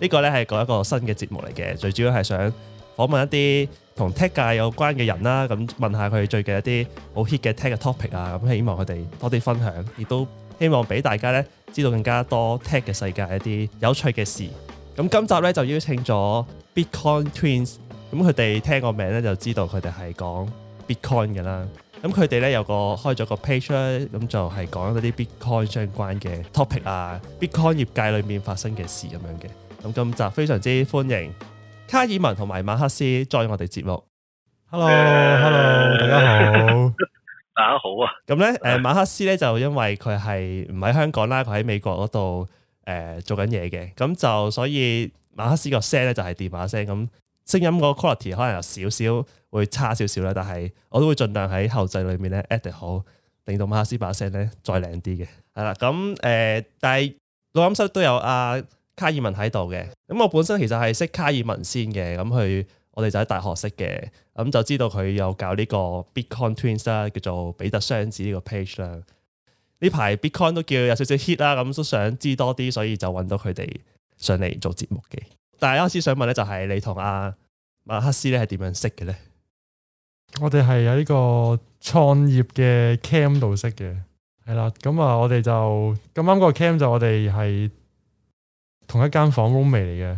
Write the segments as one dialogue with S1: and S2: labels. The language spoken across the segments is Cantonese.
S1: 呢個咧係講一個新嘅節目嚟嘅，最主要係想訪問一啲同 Tech 界有關嘅人啦，咁問下佢最近一啲好 hit 嘅 Tech 嘅 topic 啊，咁希望佢哋多啲分享，亦都希望俾大家咧知道更加多 Tech 嘅世界一啲有趣嘅事。咁今集咧就邀請咗 Bitcoin Twins，咁佢哋聽個名咧就知道佢哋係講 Bitcoin 嘅啦。咁佢哋咧有個開咗個 page 咧，咁就係講一啲 Bitcoin 相關嘅 topic 啊，Bitcoin 業界裏面發生嘅事咁樣嘅。咁今集非常之歡迎卡爾文同埋馬克斯 join 我哋節目。Hello，Hello，hello，大家好。大家好啊。咁咧，誒、呃、馬克斯咧就因為佢係唔喺香港啦，佢喺美國嗰度誒做緊嘢嘅，咁就所以馬克斯個聲咧就係、是、電話聲，咁聲音嗰 quality 可能有少少會差少少啦，但係我都會盡量喺後製裏面咧 edit 好，令到馬克斯把聲咧再靚啲嘅。係啦，咁誒、呃，但係錄音室都有啊。卡爾文喺度嘅，咁我本身其實係識卡爾文先嘅，咁佢我哋就喺大學識嘅，咁就知道佢有搞呢個 Bitcoin Twins 啦，叫做比特雙子呢個 page 啦。呢排 Bitcoin 都叫有少少 hit 啦，咁都想知多啲，所以就揾到佢哋上嚟做節目嘅。但係啱先想問咧，就係你同阿、啊、馬克斯咧係點樣識嘅咧？
S2: 我哋係有呢個創業嘅 Cam 度識嘅，係啦，咁啊，我哋就咁啱個 Cam 就我哋係。同一間房 room 嚟嘅，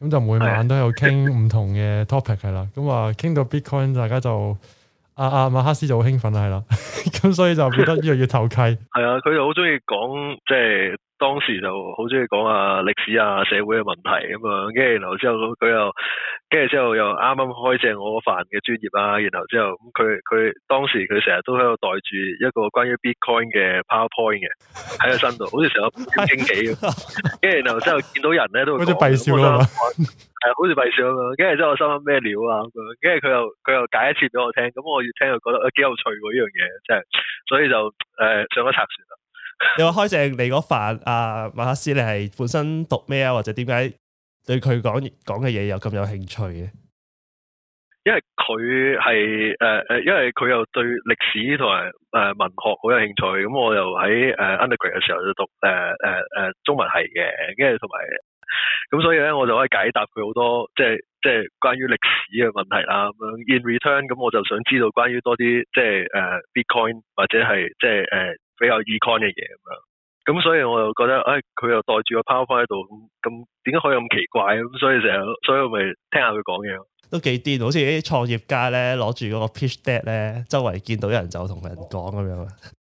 S2: 咁就的每晚都有傾唔同嘅 topic 係啦，咁話傾到 bitcoin，大家就阿阿、啊啊、馬克斯就好興奮係啦，咁、 啊、所以就變得越嚟越投契。
S3: 係啊，佢又好中意講即係。就是當時就好中意講啊歷史啊社會嘅問題咁樣，跟住然後之後佢佢又跟住之後又啱啱開正我個範嘅專業啊，然後之後咁佢佢當時佢成日都喺度袋住一個關於 Bitcoin 嘅 PowerPoint 嘅喺個身度，好似成個小驚喜咁。跟住 然後之後見到人咧都會 好似閉笑咁樣，係好似閉笑咁樣。跟住之後我心諗咩、 啊、料啊咁樣，跟住佢又佢又解一次俾我聽，咁我越聽又覺得誒幾有趣喎呢樣嘢，真係，所以就誒上咗插船啦。
S1: 你話開正你，你嗰份阿馬克思，你係本身讀咩啊？或者點解對佢講講嘅嘢有咁有興趣嘅？因
S3: 為佢係誒誒，因為佢又對歷史同埋誒文學好有興趣。咁、呃、我又喺誒 undergrad 嘅時候就讀誒誒誒中文系嘅，跟住同埋咁，所以咧我就可以解答佢好多即係即係關於歷史嘅問題啦。咁、嗯、樣 in return，咁我就想知道關於多啲即係誒、呃、Bitcoin 或者係即係誒。呃比較 Econ 嘅嘢咁樣，咁所以我又覺得，誒，佢又袋住個 PowerPoint 喺度，咁點解可以咁奇怪？咁所以成日，所以我咪聽下佢講嘢咯。
S1: 都幾癲，好似啲創業家咧，攞住嗰個 Pitch Deck 咧，周圍見到有人就同人講咁樣。哦、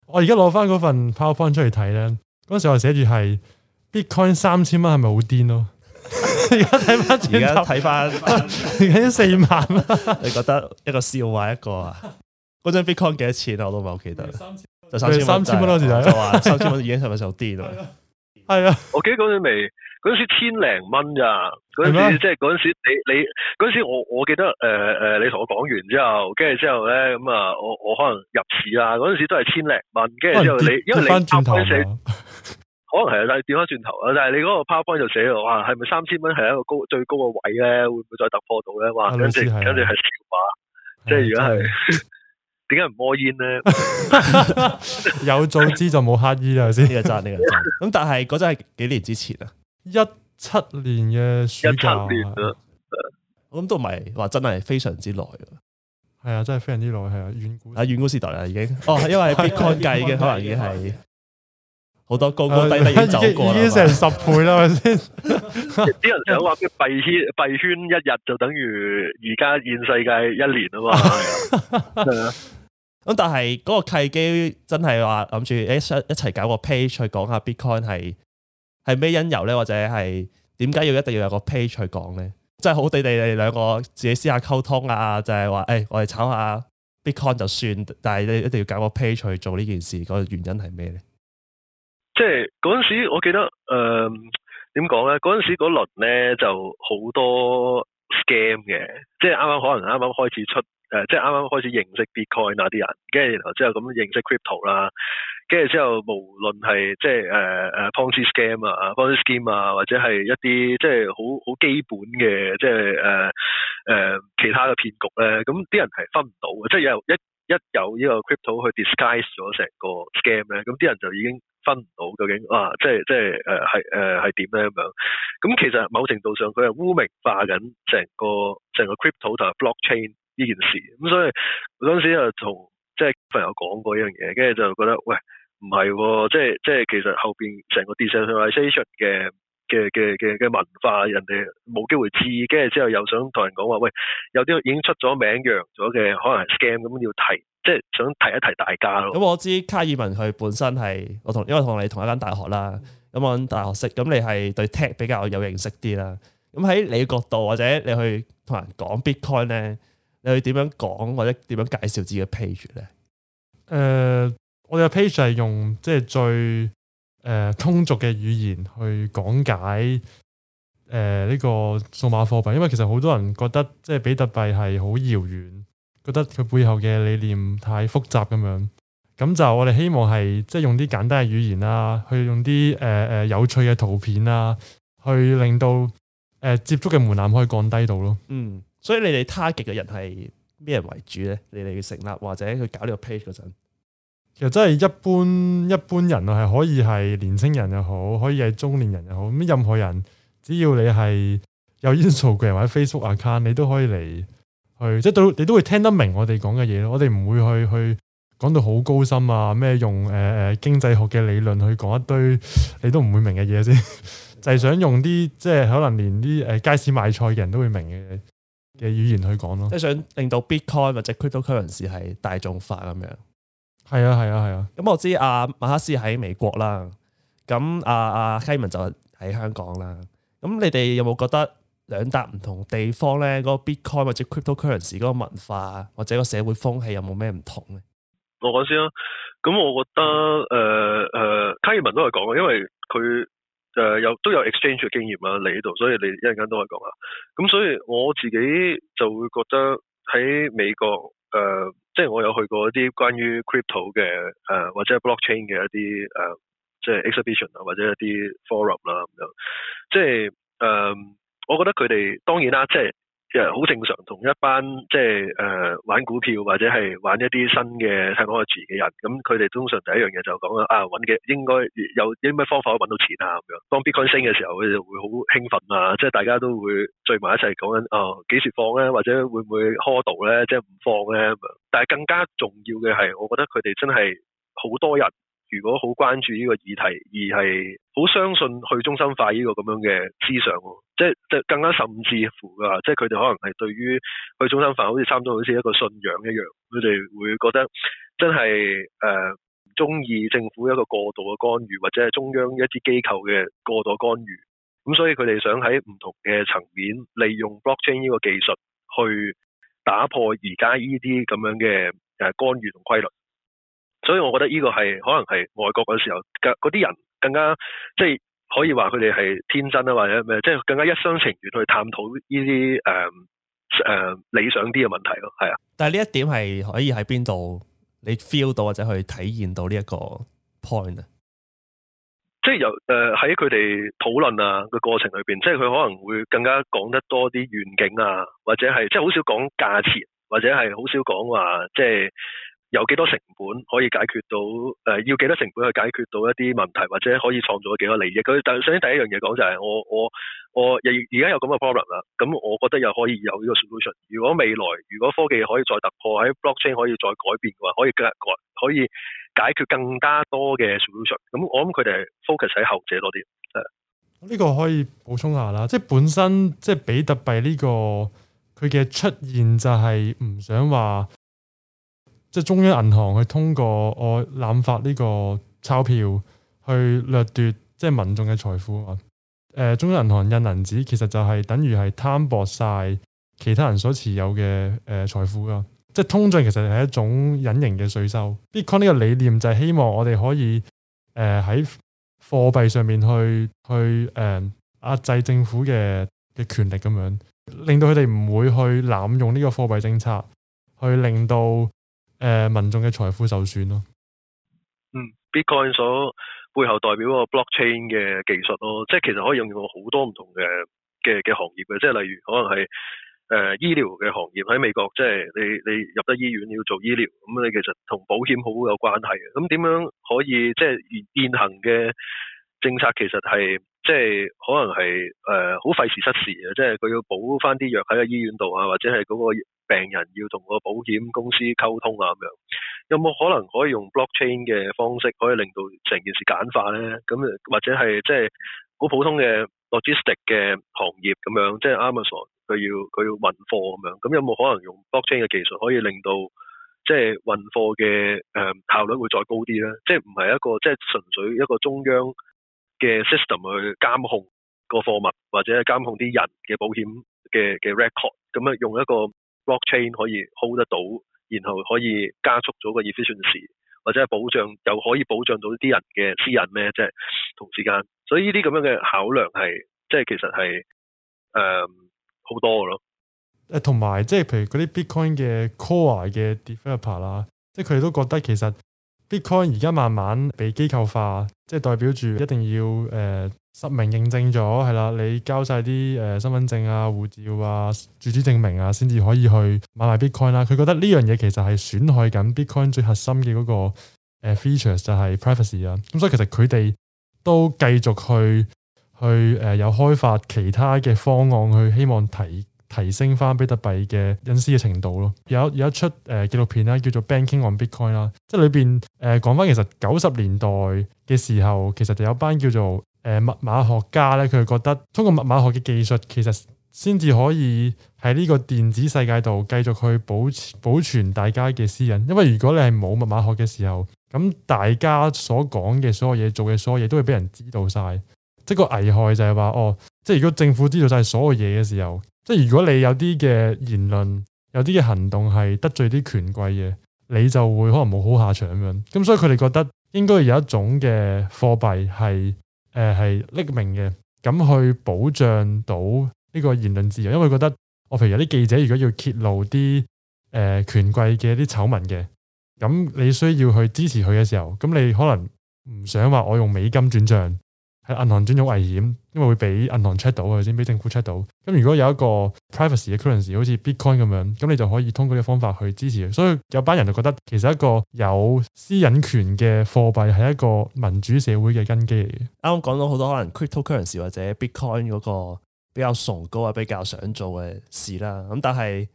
S2: 我而家攞翻嗰份 PowerPoint 出去睇咧，嗰時我寫住係 Bitcoin 三千蚊，係咪好癲咯？而家睇翻，而家睇翻，而家四萬啦。嗯、
S1: 你覺得一個笑話一個啊？嗰張 Bitcoin 幾多錢啊？我都唔係好記得。 就三千蚊咯，就話三千蚊已經係咪受跌咯？
S3: 係啊，我記得嗰陣未，嗰陣時千零蚊咋？嗰陣時即係陣時，你你陣時我我記得誒誒，你同我講完之後，跟住之後咧咁啊，我我可能入市啊，嗰陣時都係千零蚊。跟住之後你，因為你 PowerPoint 寫，可能係但係調翻轉頭啊，但係你嗰個 PowerPoint 就寫我話係咪三千蚊係一個高最高嘅位咧？會唔會再突破到咧？話跟住跟住係笑話，
S2: 即係如果係。
S3: 點解唔摸煙咧？
S2: 有早知就冇乞兒啦，係咪先？呢個真，呢個真。咁但係嗰陣係幾年之前啊？一七
S1: 年嘅暑假。我諗都唔係話真係非常之耐啊。係啊，真係非常之耐，係啊，遠古喺遠古時代啊，已經哦，因為 Bitcoin 計已經可能已經係好多高高低低而走過已經成十倍啦，咪
S2: 先？
S3: 啲人成日話幣圈幣圈一日就等於而家現世界一年啊嘛。啊。
S1: 咁但係嗰個契機真係話諗住誒一一齊搞個 page 去講下 Bitcoin 係係咩因由咧，或者係點解要一定要有個 page 去講咧？即係好地地，你哋兩個自己私下溝通啊，就係話誒，我哋炒下 Bitcoin 就算，但係你一定要搞個 page 去做呢件事，嗰個原因係咩咧？
S3: 即係嗰陣時，我記得誒點講咧？嗰、呃、陣時嗰輪咧就好多 scam 嘅，即係啱啱可能啱啱開始出。誒、呃，即係啱啱開始認識 Bitcoin 啊啲人，跟住然後之後咁認識 Crypto 啦，跟住之後無論係即係誒誒 Ponzi scam 啊 Ponzi scam 啊，或者係一啲即係好好基本嘅，即係誒誒其他嘅騙局咧，咁、嗯、啲人係分唔到嘅，即係有一一有呢個 Crypto 去 disguise 咗成個 scam 咧、嗯，咁啲人就已經分唔到究竟啊，即係即係誒係誒係點咧咁樣。咁、嗯、其實某程度上佢係污名化緊成個成個 Crypto 同埋 Blockchain。呢件事咁，所以嗰陣時啊，同即係朋友講過一樣嘢，跟住就覺得喂唔係，哦，即係即係其實後邊成個 disinformation 嘅嘅嘅嘅嘅文化，人哋冇機會知，跟住之後又想同人講話，喂有啲已經出咗名揚咗嘅，可能 scam 咁要提，即係想提一提大家咯。咁、
S1: 嗯、我知卡爾文佢本身係我同因為同你同一間大學啦，咁喺、嗯嗯、大學識，咁你係對 tech 比較有認識啲啦。咁喺你角度或者你去同人講 Bitcoin 咧，你要點樣講或者點樣介紹自己嘅 page 咧？
S2: 誒、呃,我哋嘅 page 係用即係最誒、呃、通俗嘅語言去講解誒呢、呃這個數碼貨幣，因為其實好多人覺得即係比特幣係好遙遠，覺得佢背後嘅理念太複雜咁樣，咁就我哋希望係即係用啲簡單嘅語言啦、啊，去用啲誒誒有趣嘅圖片啊，去令到誒、呃、接觸嘅門檻可以降低到咯。嗯。
S1: 所以你哋 target 嘅人係咩人為主咧？你哋要成立或者佢搞呢個 page 嗰陣，
S2: 其實真係一般一般人啊，係可以係年青人又好，可以係中年人又好。咁任何人只要你係有 Instagram 或者 Facebook account，你都可以嚟去，即係都你都會聽得明我哋講嘅嘢咯。我哋唔會去去講到好高深啊，咩用誒誒、呃、經濟學嘅理論去講一堆你都唔會明嘅嘢先， 就係想用啲即係可能連啲誒街市買菜嘅人都會明嘅。嘅語言去講咯，即係
S1: 想令到 Bitcoin 或者 Cryptocurrency 係大眾化咁樣。
S2: 係啊，係啊，係啊。咁、
S1: 啊嗯、我知阿馬、啊、克思喺美國啦，咁阿阿卡爾文就喺香港啦。咁、啊啊、你哋有冇覺得兩笪唔同地方咧，嗰、嗰個 Bitcoin 或者 Cryptocurrency 嗰個文化或者個社會風氣有冇咩唔同咧？
S3: 我講先啦。咁我覺得，誒誒，卡爾文都係講嘅，因為佢。誒有、呃、都有 exchange 嘅經驗啊，嚟呢度，所以你一陣間都可以講下。咁、嗯、所以我自己就會覺得喺美國誒、呃，即係我有去過一啲關於 crypto 嘅誒、呃，或者 blockchain 嘅一啲誒、呃，即係 exhibition 啊，或者一啲 forum 啦咁樣。即係誒、呃，我覺得佢哋當然啦，即係。即係好正常，同一班即係誒、呃、玩股票或者係玩一啲新嘅 technology 嘅人，咁佢哋通常第一樣嘢就講啦，啊搵嘅應該有啲咩方法可以搵到錢啊咁樣。當 Bitcoin 升嘅時候，佢哋會好興奮啊，即係大家都會聚埋一齊講緊，哦幾時放咧，或者會唔會 hold 到咧，即係唔放咧咁樣。但係更加重要嘅係，我覺得佢哋真係好多人，如果好關注呢個議題，而係好相信去中心化呢個咁樣嘅思想。即係即係更加甚至乎啊！即係佢哋可能係對於去中心化好似差唔多好似一個信仰，一樣佢哋會覺得真係誒唔中意政府一個過度嘅干預或者係中央一啲機構嘅過度干預，咁、嗯、所以佢哋想喺唔同嘅層面利用 blockchain 呢個技術去打破而家呢啲咁樣嘅誒干預同規律。所以我覺得呢個係可能係外國嗰時候嗰啲人更加即係。可以話佢哋係天真啊，或者咩，即係更加一廂情願去探討呢啲誒誒理想啲嘅問題咯，係啊。
S1: 但係呢一點係可以喺邊度你 feel 到或者去體驗到呢一個 point、呃、啊？
S3: 即係由誒喺佢哋討論啊嘅過程裏邊，即係佢可能會更加講得多啲願景啊，或者係即係好少講價錢，或者係好少講話即係。有幾多成本可以解決到？誒、呃，要幾多成本去解決到一啲問題，或者可以創造幾多利益？佢但首先第一、就是、樣嘢講就係我我我而家有咁嘅 problem 啦，咁、嗯、我覺得又可以有呢個 solution。如果未來如果科技可以再突破，喺 blockchain 可以再改變嘅話，可以更改可以解決更加多嘅 solution。咁、嗯、我諗佢哋係 focus 喺後者多啲。誒、嗯，
S2: 呢個可以補充下啦，即係本身即係比特幣呢、這個佢嘅出現就係唔想話。即係中央銀行去通過我濫發呢個鈔票去掠奪即係民眾嘅財富啊！誒、呃，中央銀行印銀紙其實就係等於係攤薄晒其他人所持有嘅誒財富噶。即係通脹其實係一種隱形嘅稅收。Bitcoin 呢個理念就係希望我哋可以誒喺貨幣上面去去誒壓、呃、制政府嘅嘅權力咁樣，令到佢哋唔會去濫用呢個貨幣政策去令到。誒民眾嘅財富受損咯。
S3: 嗯，Bitcoin 所背後代表個 blockchain 嘅技術咯，即係其實可以用於好多唔同嘅嘅嘅行業嘅，即係例如可能係誒、呃、醫療嘅行業喺美國，即係你你入得醫院要做醫療，咁你其實同保險好有關係嘅。咁點樣可以即係現行嘅政策其實係？即係可能係誒好費事失事，啊！即係佢要補翻啲藥喺個醫院度啊，或者係嗰個病人要同個保險公司溝通啊咁樣。有冇可能可以用 blockchain 嘅方式可以令到成件事簡化咧？咁或者係即係好普通嘅 logistic 嘅行業咁樣，即係 Amazon 佢要佢要運貨咁樣。咁有冇可能用 blockchain 嘅技術可以令到即係運貨嘅誒、呃、效率會再高啲咧？即係唔係一個即係純粹一個中央嘅 system 去監控個貨物，或者監控啲人嘅保險嘅嘅 record，咁樣用一個 blockchain 可以 hold 得到，然後可以加速咗個 efficiency，或者係保障又可以保障到啲人嘅私隱咩？即係同時間。所以呢啲咁樣嘅考量係即係其實係誒好多嘅咯。
S2: 誒同埋即係譬如嗰啲 bitcoin 嘅 core 嘅 developer 啦，即係佢哋都覺得其實。Bitcoin 而家慢慢被機構化，即係代表住一定要誒實名認證咗，係啦，你交晒啲誒身份證啊、護照啊、住址證明啊，先至可以去買埋 Bitcoin 啦、啊。佢覺得呢樣嘢其實係損害緊 Bitcoin 最核心嘅、嗰個誒、呃、features 就係 privacy 啊。咁所以其實佢哋都繼續去去誒、呃、有開發其他嘅方案去希望提。提升翻比特幣嘅隱私嘅程度咯，有有一出誒、呃、紀錄片啦，叫做《Banking on Bitcoin》啦、呃，即係裏邊誒講翻其實九十年代嘅時候，其實就有班叫做誒、呃、密碼學家咧，佢覺得通過密碼學嘅技術，其實先至可以喺呢個電子世界度繼續去保保存大家嘅私隱，因為如果你係冇密碼學嘅時候，咁大家所講嘅所有嘢、做嘅所有嘢都會俾人知道晒。即個危害就係話哦，即係如果政府知道晒所有嘢嘅時候。即係如果你有啲嘅言論，有啲嘅行動係得罪啲權貴嘅，你就會可能冇好下場咁樣。咁所以佢哋覺得應該有一種嘅貨幣係誒係匿名嘅，咁去保障到呢個言論自由。因為佢覺得我譬如有啲記者如果要揭露啲誒、呃、權貴嘅一啲醜聞嘅，咁你需要去支持佢嘅時候，咁你可能唔想話我用美金轉賬。喺銀行轉咗危險，因為會俾銀行 check 到啊，或者俾政府 check 到。咁如果有一個 privacy 嘅 currency，好似 Bitcoin 咁樣，咁你就可以通過呢個方法去支持佢。所以有班人就覺得其實一個有私隱權嘅貨幣係一個民主社會嘅根基嚟嘅。
S1: 啱啱講到好多可能 crypto currency c 或者 Bitcoin 嗰個比較崇高啊，比較想做嘅事啦。咁但係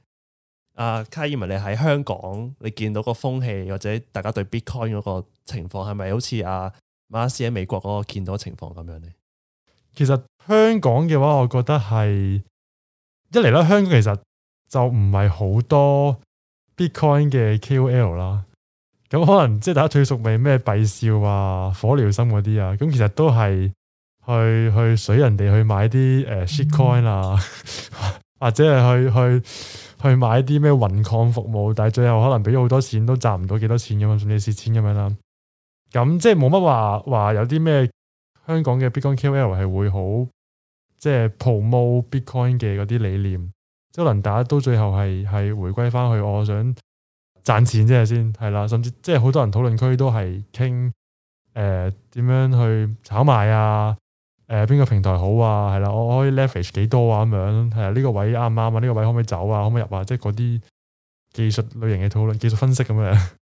S1: 啊，卡爾文，你喺香港你見到個風氣，或者大家對 Bitcoin 嗰個情況係咪好似啊？馬斯喺美國嗰個見到情況咁樣咧，
S2: 其實香港嘅話，我覺得係一嚟啦。香港其實就唔係好多 Bitcoin 嘅 KOL 啦。咁可能即係大家耳熟未咩閉笑啊、火燎心嗰啲啊，咁其實都係去去水人哋去買啲誒 shit coin 啊，嗯、 或者係去去去買啲咩雲礦服務，但係最後可能俾咗好多錢都賺唔到幾多錢咁、啊、樣，甚至蝕錢咁樣啦、啊。咁即係冇乜話話有啲咩香港嘅，就是，Bitcoin KOL 係會好，即係 promote Bitcoin 嘅嗰啲理念，即可能大家都最後係係回歸翻去，我想賺錢啫先係啦，甚至即係好多人討論區都係傾誒點樣去炒賣啊，誒、呃、邊個平台好啊，係啦，我可以 leverage 幾多啊咁樣，係啊，呢個位啱唔啱啊？呢、呢個位可唔可以走啊？可唔可以入啊？即係嗰啲技術類型嘅討論、技術分析咁樣。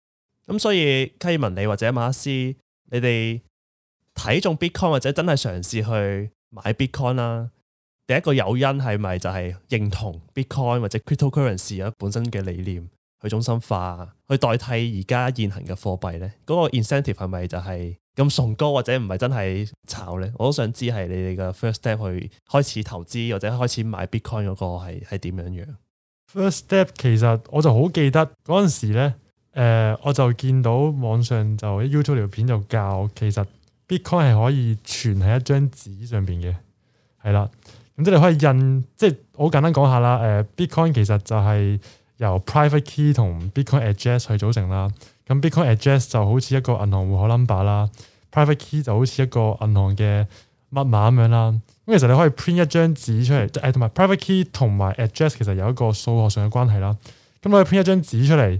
S1: 咁所以，卡爾文你或者馬克斯，你哋睇中 Bitcoin 或者真係嘗試去買 Bitcoin 啦。第一個誘因係咪就係認同 Bitcoin 或者 Cryptocurrency 本身嘅理念，去中心化，去代替而家現行嘅貨幣咧？嗰、那個 incentive 係咪就係咁崇高或者唔係真係炒咧？我都想知係你哋嘅 first step 去開始投資或者開始買 Bitcoin 嗰個係係點樣樣
S2: ？First step 其實我就好記得嗰陣時咧。誒、呃，我就見到網上就喺 YouTube 條片就教，其實 Bitcoin 係可以存喺一張紙上邊嘅，係啦。咁即係你可以印，即係好簡單講下啦。誒、呃，Bitcoin 其實就係由 private key 同 Bitcoin address 去組成啦。咁 Bitcoin address 就好似一個銀行戶口 number 啦，private key 就好似一個銀行嘅密碼咁樣啦。咁其實你可以 print 一張紙出嚟，誒，哎、同埋 private key 同埋 address 其實有一個數學上嘅關係啦。咁我哋 print 一張紙出嚟，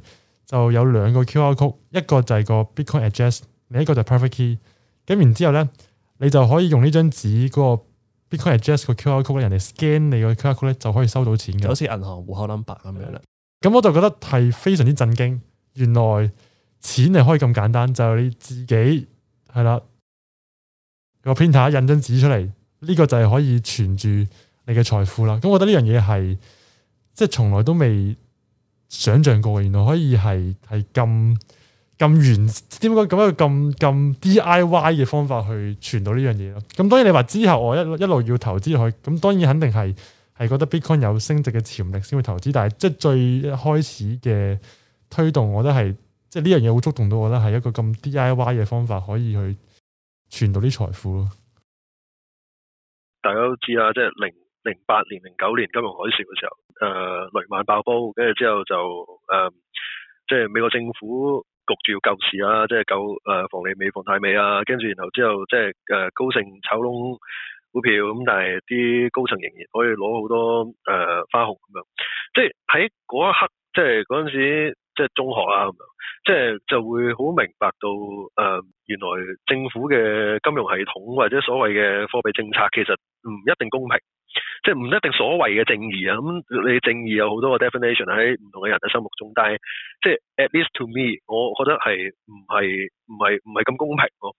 S2: 就有兩個 QR Code，一個就係個 Bitcoin address，另一個就係 private key。咁然之後咧，你就可以用呢張紙嗰個 Bitcoin address 個 QR Code 咧，人哋 scan 你個 QR Code 咧，就可以收到錢嘅。就好似銀
S1: 行戶口 number 咁樣啦。
S2: 咁、嗯、我就覺得係非常之震驚，原來錢係可以咁簡單，就你自己係啦、那個 printer 印，印張紙出嚟，呢、這個就係可以存住你嘅財富啦。咁我覺得呢樣嘢係即係從來都未。想象過，原來可以係係咁咁原，點解咁樣咁咁 D I Y 嘅方法去存到呢樣嘢咯。咁當然你話之後我一一路要投資去，咁當然肯定係係覺得 Bitcoin 有升值嘅潛力先會投資。但係即係最一開始嘅推動我覺得係即係呢樣嘢會觸動到我覺得係一個咁 D I Y 嘅方法可以去存到啲財富咯。
S3: 大家都知啊，即係零零八年、零九年金融海嘯嘅時候。誒、呃，雷曼爆煲，跟住之後就誒、呃，即係美國政府焗住要救市啦、啊，即係救誒，房、呃、地美、房太美啊，跟住然後之後即係誒，高盛炒燶股票，咁但係啲高層仍然可以攞好多誒、呃、花紅咁樣，即係喺嗰一刻，即係嗰陣時，即係中學啊，咁樣即係就會好明白到誒、呃，原來政府嘅金融系統或者所謂嘅貨幣政策其實唔一定公平。即係唔一定所謂嘅正義啊！咁你正義有好多個 definition 喺唔同嘅人嘅心目中，但係即係 at least to me，我覺得係唔係唔係唔係咁公平咯。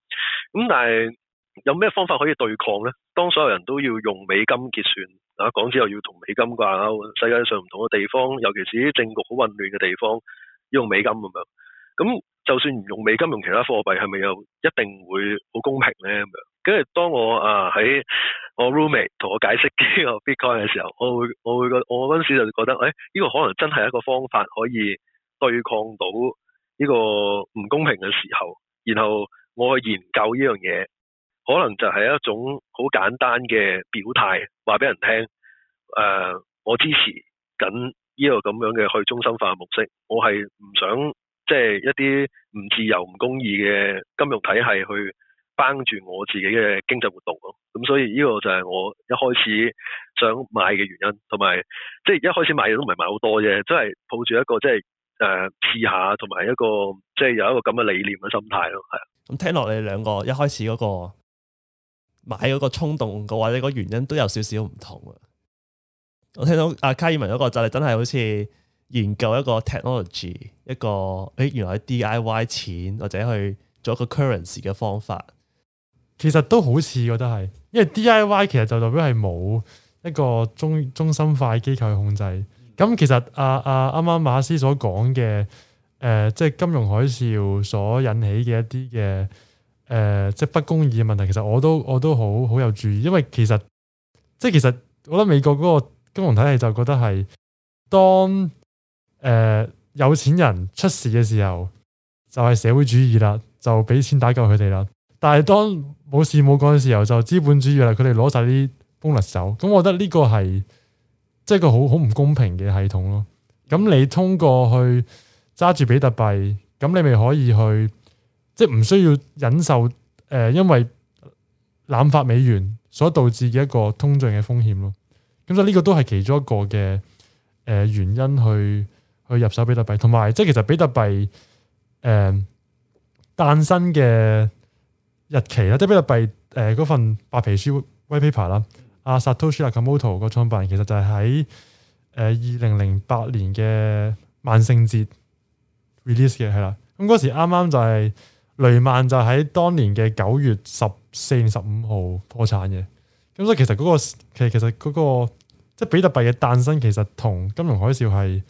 S3: 咁但係有咩方法可以對抗咧？當所有人都要用美金結算啊，港紙又要同美金掛鈎啊，世界上唔同嘅地方，尤其是啲政局好混亂嘅地方，用美金咁樣。咁就算唔用美金，用其他貨幣係咪又一定會好公平咧？咁樣跟住當我啊喺我 roommate 同我解釋，呢個 Bitcoin 嘅時候，我會我會覺我嗰陣時就覺得，誒、哎、呢、呢個可能真係一個方法可以對抗到呢個唔公平嘅時候。然後我去研究呢樣嘢，可能就係一種好簡單嘅表態，話俾人聽，誒、呃、我支持緊呢個咁樣嘅去中心化嘅模式。我係唔想即係一啲唔自由、唔公義嘅金融體系去掹住我自己嘅經濟活動咯，咁所以呢個就係我一開始想買嘅原因，同埋即係一開始買嘢都唔係買好多啫，真係抱住一個即係誒試下，同埋一個即係有一個咁嘅、就是、理念嘅心態咯。係啊，
S1: 咁聽落你兩個一開始嗰個買嗰個衝動嘅話，你個原因都有少少唔同啊。我聽到阿卡爾文嗰個就係真係好似研究一個 technology 一個誒原來 DIY 錢，或者去做一個 currency 嘅方法。
S2: 其實都好似，我覺得係，因為 DIY 其實就代表係冇一個中中心化嘅機構去控制。咁其實阿阿啱啱馬克斯所講嘅，誒、呃，即係金融海嘯所引起嘅一啲嘅，誒、呃，即係不公義嘅問題，其實我都我都好好有注意，因為其實即係其實我覺得美國嗰個金融體系就覺得係，當誒、呃、有錢人出事嘅時候，就係、是、社會主義啦，就俾錢打救佢哋啦。但係當冇事冇幹嘅時候就資本主義啦，佢哋攞晒啲紅利走，咁我覺得呢個係即係一個好好唔公平嘅系統咯。咁你通過去揸住比特幣，咁你咪可以去即係唔需要忍受誒、呃，因為濫發美元所導致嘅一個通脹嘅風險咯。咁所以呢個都係其中一個嘅誒、呃、原因去去入手比特幣，同埋即係其實比特幣誒誕生嘅。日期啦，即比特幣誒嗰份白皮書 White Paper 啦、啊，阿 Satoshi Nakamoto 個創辦人其實就係喺誒二零零八年嘅萬聖節 release 嘅係啦，咁嗰、嗯、時啱啱就係雷曼就喺當年嘅九月十四、十五號破產嘅，咁、嗯、所以其實嗰、嗰個其實、嗰個、其實嗰、嗰個即比特幣嘅誕生其實同金融海嘯係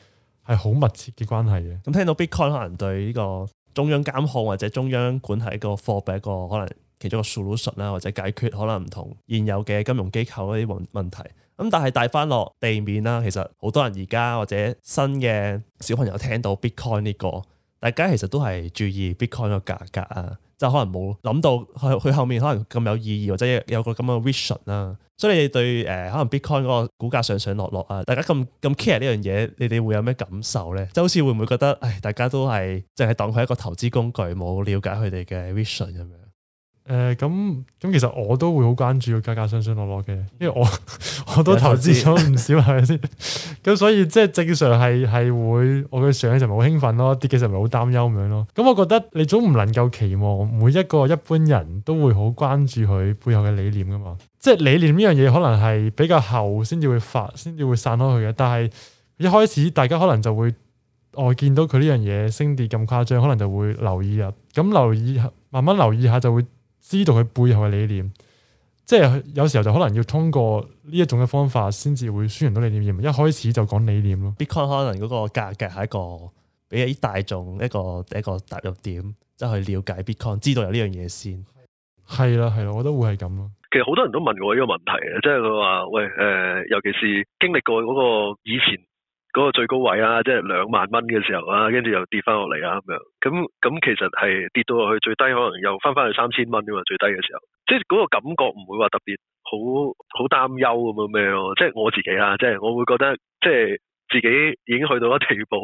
S2: 係好密切嘅關係嘅，
S1: 咁、嗯、聽到 Bitcoin 可能對呢、呢個。中央監控或者中央管係一個貨幣，一個可能其中一個 solution 啦，或者解決可能唔同現有嘅金融機構嗰啲問問題。咁但係帶翻落地面啦，其實好多人而家或者新嘅小朋友聽到 Bitcoin 呢個，大家其實都係注意 Bitcoin 個價格啊。就可能冇諗到佢後面可能咁有意義，或者有個咁嘅 vision 啦。所以你對誒、呃、可能 Bitcoin 嗰個股價上上落落啊，大家咁咁 care 呢樣嘢，你哋會有咩感受咧？就好似會唔會覺得誒，大家都係淨係當佢一個投資工具，冇了解佢哋嘅 vision 咁樣？
S2: 誒，咁咁、呃、其實我都會好關注個價格上上落落嘅，因為我 我都投資咗唔少係咪先？咁 所以即係正常係係會，我嘅上嘅時候咪好興奮咯，跌嘅時候咪好擔憂咁樣咯。咁我覺得你總唔能夠期望每一個一般人都會好關注佢背後嘅理念㗎嘛？即、就、係、是、理念呢樣嘢可能係比較後先至會發，先至會散開去嘅。但係一開始大家可能就會我見到佢呢樣嘢升跌咁誇張，可能就會留意啊。咁留意，慢慢留意下就會。知道佢背後嘅理念，即係有時候就可能要通過呢一種嘅方法，先至會宣傳到理念。一開始就講理念咯。Bitcoin 可能嗰個價格係一個比
S1: 起大眾一個一個踏入點，即係去了解 Bitcoin，知道有呢樣嘢先。
S2: 係啦，係啦，我都會係咁咯。其
S3: 實好多人都問我呢個問題，即係佢話：喂，誒、呃，尤其是經歷過嗰個以前。嗰個最高位啊，即係兩萬蚊嘅時候啊，跟住又跌翻落嚟啊，咁樣，咁咁其實係跌到落去最低，可能又翻翻去三千蚊啊嘛，最低嘅時候，即係嗰個感覺唔會話特別好好擔憂咁樣咩咯，即係我自己啊，即係我會覺得，即係自己已經去到一地步，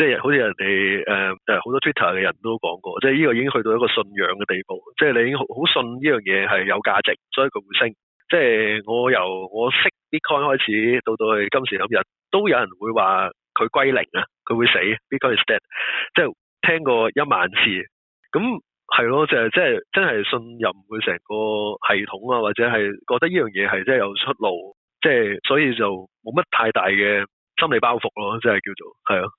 S3: 即係好似人哋誒誒好多 Twitter 嘅人都講過，即係呢個已經去到一個信仰嘅地步，即係你已經好信呢樣嘢係有價值，所以佢會升。即係我由我識 Bitcoin 開始到到去今時今日，都有人會話佢歸零啊，佢會死，Bitcoin is dead。即係聽過一萬次，咁係咯，就係即係真係信任佢成個系統啊，或者係覺得呢樣嘢係真係有出路，即係所以就冇乜太大嘅心理包袱咯，即係叫做係咯。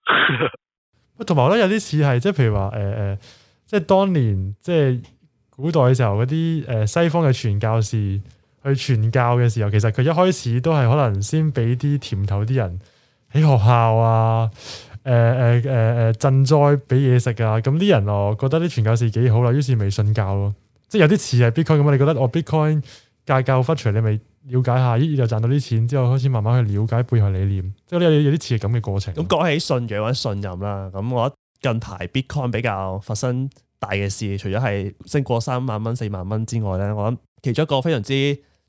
S2: 喂，同埋 我咧有啲事係即係譬如話誒誒，即係當年即係古代嘅時候嗰啲誒西方嘅傳教士。去傳教嘅時候，其實佢一開始都係可能先俾啲甜頭啲人喺學校啊，誒誒誒誒賑災俾嘢食啊，咁啲人哦，覺得啲傳教士幾好啦，於是咪信教咯，即係有啲似係 Bitcoin 咁啊！你覺得哦 Bitcoin 介教翻出你咪了解下，咦，又賺到啲錢，之後開始慢慢去了解背後理念，即係呢有啲似係咁嘅過程。
S1: 咁講起信仰或者信任啦，咁我覺得近排 Bitcoin 比較發生大嘅事，除咗係升過三萬蚊、四萬蚊之外咧，我諗其中一個非常之。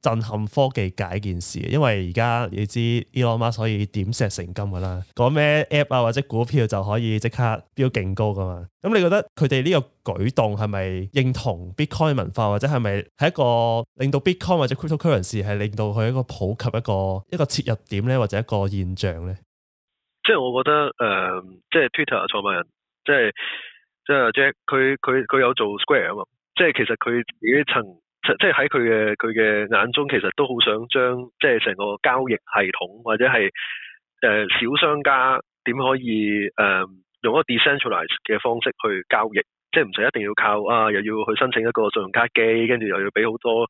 S1: 震撼科技界件事，因為而家你知 Elon Musk 可以點石成金噶啦，講咩 app 啊或者股票就可以即刻飆勁高噶嘛。咁你覺得佢哋呢個舉動係咪認同 Bitcoin 文化，或者係咪係一個令到 Bitcoin 或者 cryptocurrency 係令到佢一個普及一個一個切入點咧，或者一個現象咧？
S3: 即係我覺得誒，即係 Twitter 創辦人，即係即係 Jack，佢佢佢有做 Square 啊嘛，即係其實佢自己曾。即係喺佢嘅佢嘅眼中，其實都好想將即係成個交易系統或者係誒、呃、小商家點可以誒、呃、用一個 decentralized 嘅方式去交易，即係唔使一定要靠啊，又要去申請一個信用卡機，跟住又要俾好多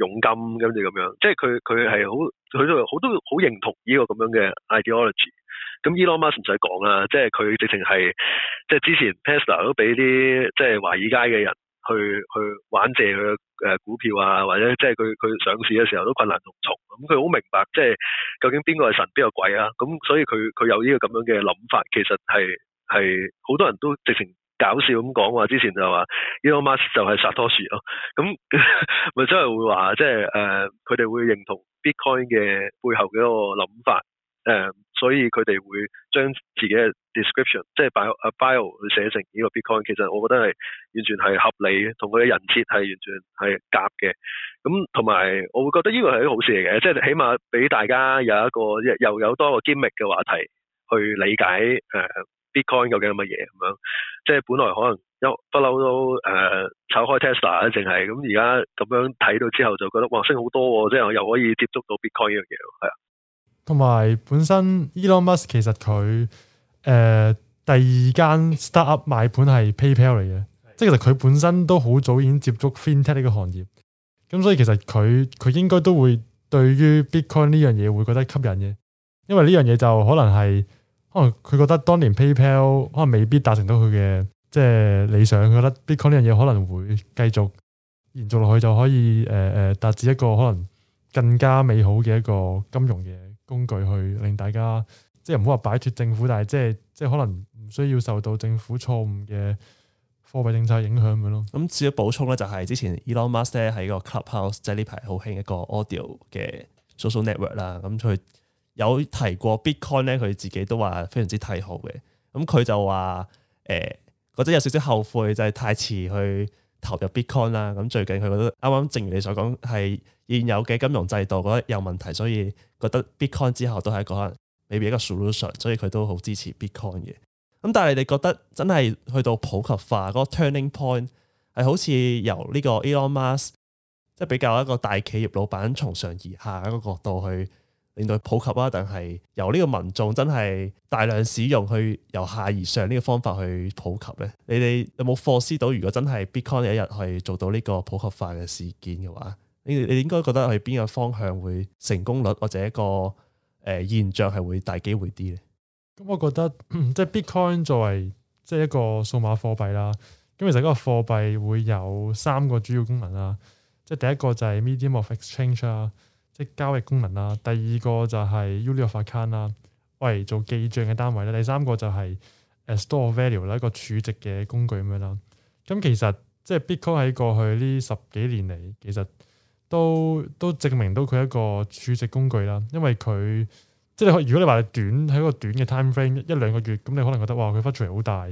S3: 佣金跟住咁樣，即係佢佢係好，佢都好多好認同呢個咁樣嘅 ideology。咁 Elon Musk 唔使講啦，即係佢直情係即係之前 Tesla 都俾啲即係華爾街嘅人。去去玩借佢誒股票啊，或者即係佢佢上市嘅時候都困難重重咁，佢、嗯、好明白即係、就是、究竟邊個係神邊個鬼啊！咁、嗯、所以佢佢有呢個咁樣嘅諗法，其實係係好多人都直情搞笑咁講話，之前就話 Elon Musk 就係 Satoshi 咯，咁咪真係會話，即係誒佢哋會認同 Bitcoin 嘅背後嘅一個諗法誒。呃所以佢哋會將自己嘅 description，即係 bio 啊 bio，會寫成呢個 bitcoin。其實我覺得係完全係合理同佢嘅人設係完全係夾嘅。咁同埋我會覺得呢個係啲好事嚟嘅，即係起碼俾大家有一個又有多個 gimmick 嘅話題去理解誒、uh, bitcoin 究竟係乜嘢咁樣。即係本來可能一不嬲都誒、uh, 炒開 Tesla 啊，淨係咁而家咁樣睇到之後就覺得哇升好多喎！即係我又可以接觸到 bitcoin 呢樣嘢咯，係啊。
S2: 同埋本身 Elon Musk 其實佢，誒、呃、第二間 startup 賣盤係 PayPal 嚟嘅，即係其實佢本身都好早已經接觸 fintech 呢個行業，咁所以其實佢佢應該都會對於 Bitcoin 呢樣嘢會覺得吸引嘅，因為呢樣嘢就可能係可能佢覺得當年 PayPal 可能未必達成到佢嘅即係理想，佢覺得 Bitcoin 呢樣嘢可能會繼續延續落去就可以誒誒達至一個可能更加美好嘅一個金融嘅。工具去令大家即係唔好話擺脫政府，但係即係即係可能唔需要受到政府錯誤嘅貨幣政策影響咁咯。
S1: 咁至於補充咧，就係之前 Elon Musk 咧喺個 Clubhouse，即係呢排好興一個 Audio 嘅 social network 啦。咁佢有提過 Bitcoin 咧，佢自己都話非常之睇好嘅。咁佢就話，誒、呃，覺得有少少後悔，就係、是、太遲去。投入 Bitcoin 啦，咁最近佢覺得啱啱正如你所講，係現有嘅金融制度覺得有問題，所以覺得 Bitcoin 之後都係一個 maybe 一個 solution，所以佢都好支持 Bitcoin 嘅。咁但係你哋覺得真係去到普及化，嗰個 turning point 係好似由呢個 Elon Musk 即係比較一個大企業老闆從上而下一個角度去。令到普及啊，定係由呢個民眾真係大量使用，去由下而上呢個方法去普及咧。你哋有冇駁施到？如果真係 Bitcoin 有一日去做到呢個普及化嘅事件嘅話，你你應該覺得去邊個方向會成功率或者一個誒現象係會大機會啲咧？
S2: 咁、嗯、我覺得即係 Bitcoin 作為即係一個數碼貨幣啦。咁其實嗰個貨幣會有三個主要功能啦。即係第一個就係 medium of exchange 啦。即交易功能啦，第二個就係 Unit of Account 啦、哎，喂做記帳嘅單位啦，第三個就係 Store Value 啦，一個儲值嘅工具咁樣啦。咁其實即 Bitcoin 喺過去呢十幾年嚟，其實都都證明到佢係一個儲值工具啦。因為佢即你可如果你話短喺一個短嘅 time frame 一兩個月，咁你可能覺得哇佢 fluctuate 好大，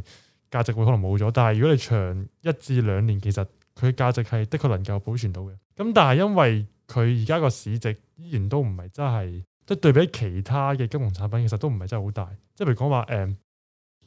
S2: 價值會可能冇咗。但係如果你長一至兩年，其實佢價值係的確能夠保存到嘅。咁但係因為佢而家個市值依然都唔係真係，即係對比起其他嘅金融產品，其實都唔係真係好大。即係譬如講話誒，而、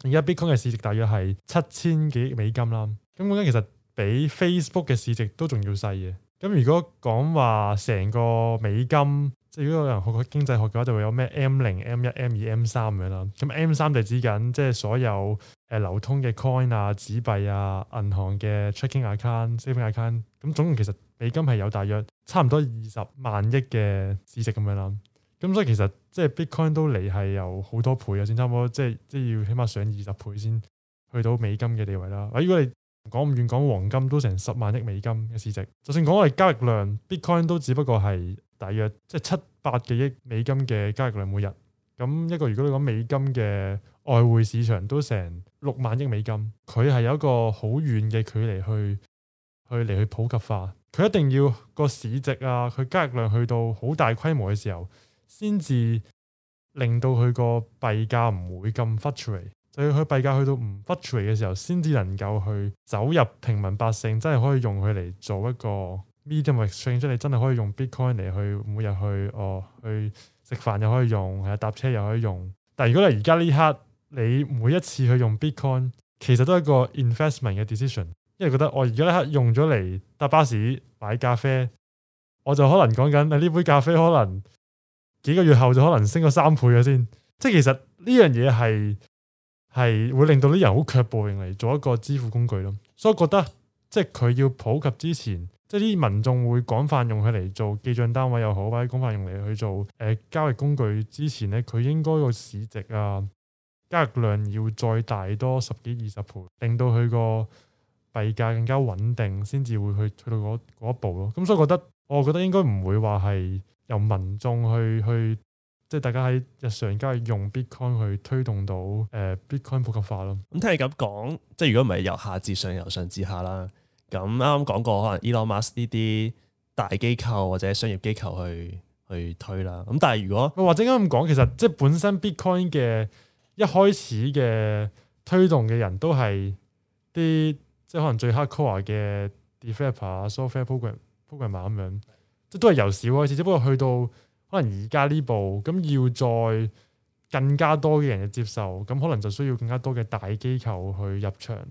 S2: 嗯、家 Bitcoin 嘅市值大約係七千幾億美金啦。咁嗰啲其實比 Facebook 嘅市值都仲要細嘅。咁如果講話成個美金，即係如果有人學過經濟學嘅話，就會有咩 M 零、M 一、M 二、M 三咁樣啦。咁 M 三就指緊即係所有誒、呃、流通嘅 coin 啊、紙幣啊、銀行嘅 checking account、saving account。咁總共其實。美金係有大約差唔多二十萬億嘅市值咁樣啦，咁所以其實即係 Bitcoin 都嚟係有好多倍啊，先差唔多即係即係要起碼上二十倍先去到美金嘅地位啦。啊，如果你講唔遠講黃金都成十萬億美金嘅市值，就算講我哋交易量 Bitcoin 都只不過係大約即係七百嘅億七百幾億美金嘅交易量每日。咁一個如果你講美金嘅外匯市場都成六萬億美金，佢係有一個好遠嘅距離去去嚟去普及化。佢一定要個市值啊，佢交易量去到好大規模嘅時候，先至令到佢個幣價唔會咁 fluctuate。就要佢幣價去到唔 fluctuate 嘅時候，先至能夠去走入平民百姓，真係可以用佢嚟做一個 medium exchange。即係你真係可以用 bitcoin 嚟去每日去哦，去食飯又可以用，係啊，搭車又可以用。但係如果你而家呢刻你每一次去用 bitcoin，其實都係一個 investment 嘅 decision。因為覺得我而家呢刻用咗嚟搭巴士買咖啡，我就可能講緊呢杯咖啡可能幾個月後就可能升個三倍嘅先，即係其實呢樣嘢係係會令到啲人好卻步用嚟做一個支付工具咯。所以我覺得即係佢要普及之前，即係啲民眾會廣泛用佢嚟做記賬單位又好，或者廣泛用嚟去做誒、呃、交易工具之前咧，佢應該個市值啊，交易量要再大多十幾二十倍，令到佢個。幣價更加穩定，先至會去去到嗰一步咯。咁所以我覺得，我覺得應該唔會話係由民眾去去，即係大家喺日常間用 Bitcoin 去推動到誒、呃、Bitcoin 普及化咯。
S1: 咁、嗯、聽你咁講，即係如果唔係由下至上，由上至下啦。咁啱啱講過，可能 Elon Musk 呢啲
S2: 大機構或者商業機構去去推啦。咁但係如果或者啱咁講，其實即係本身 Bitcoin 嘅一開始嘅推動嘅人都係啲。即係可能最 hardcore 嘅 Developer、Software Program、Programmer 啊咁樣，即都係由小開始，只不過去到可能而家呢步咁要再更加多嘅人接受，咁可能就需要更加多嘅大機構去入場，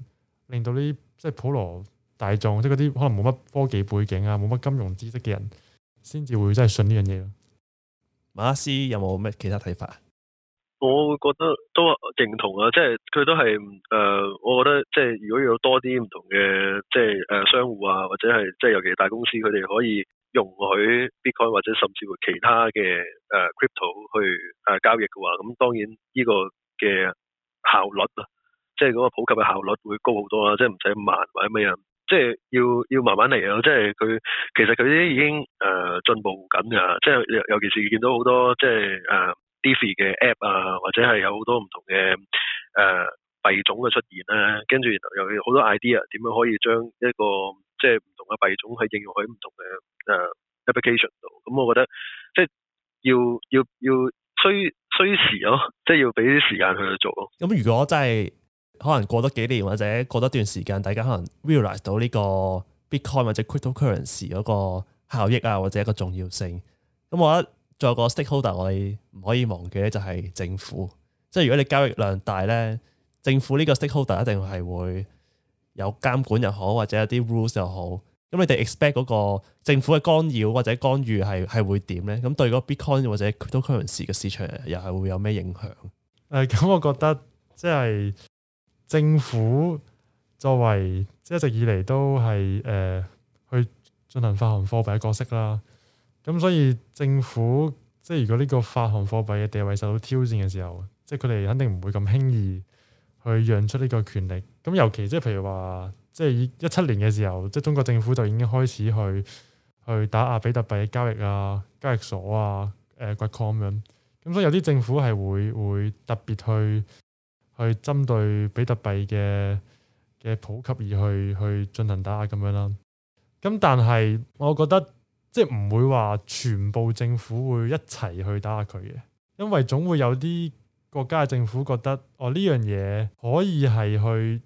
S2: 令到呢即係普羅大眾，即係嗰啲可能冇乜科技背景啊，冇乜金融知識嘅人，先至會真係信呢樣嘢咯。馬克斯有冇咩其他睇法啊？
S3: 我會覺得都認同啊，即係佢都係誒、呃，我覺得即係如果要多啲唔同嘅，即係誒、呃、商戶啊，或者係即係尤其大公司，佢哋可以容許 Bitcoin 或者甚至乎其他嘅誒、呃、Crypto 去誒、呃、交易嘅話，咁當然呢個嘅效率啊，即係嗰個普及嘅效率會高好多啦，即係唔使慢或者咩啊，即係要要慢慢嚟啊，即係佢其實佢啲已經誒進、呃、步緊噶，即係尤尤其是見到好多即係誒。呃 DeFi 嘅 app 啊，或者係有好多唔同嘅誒幣種嘅出現咧，跟住然後又好多 idea 點樣可以將一個即係唔同嘅幣種去應用喺唔同嘅誒、呃、application 度，咁、嗯、我覺得即係要要要需需時咯，即係要俾啲時、哦、時間去去做
S1: 咯。咁如果真係可能過多幾年或者過多一段時間，大家可能 realize 到呢個 Bitcoin 或者 cryptocurrency 嗰個效益啊，或者一個重要性，咁我覺得。仲有個 stakeholder，我哋唔可以忘記咧，就係政府。即係如果你交易量大咧，政府呢個 stakeholder 一定係會有監管又好，或者有啲 rules 又好。咁你哋 expect 嗰個政府嘅干擾或者干預係係會點咧？咁對嗰個 bitcoin 或者 cryptocurrency 嘅市場
S2: 又係會有咩影響？誒、呃，咁我覺得即係、即係、政府作為、即係、一直以嚟都係誒、呃、去進行發行貨幣嘅角色啦。咁所以政府即係如果呢個發行貨幣嘅地位受到挑戰嘅時候，即係佢哋肯定唔會咁輕易去讓出呢個權力。咁尤其即係譬如話，即係一七年嘅時候，即係中國政府就已經開始去去打壓比特幣嘅交易啊、交易所啊、誒、呃、掘礦咁樣。咁所以有啲政府係會會特別去去針對比特幣嘅嘅普及而去去進行打壓咁樣啦。咁但係我覺得。即係唔會話全部政府會一齊去打壓佢嘅，因為總會有啲國家嘅政府覺得哦，呢樣嘢可以係去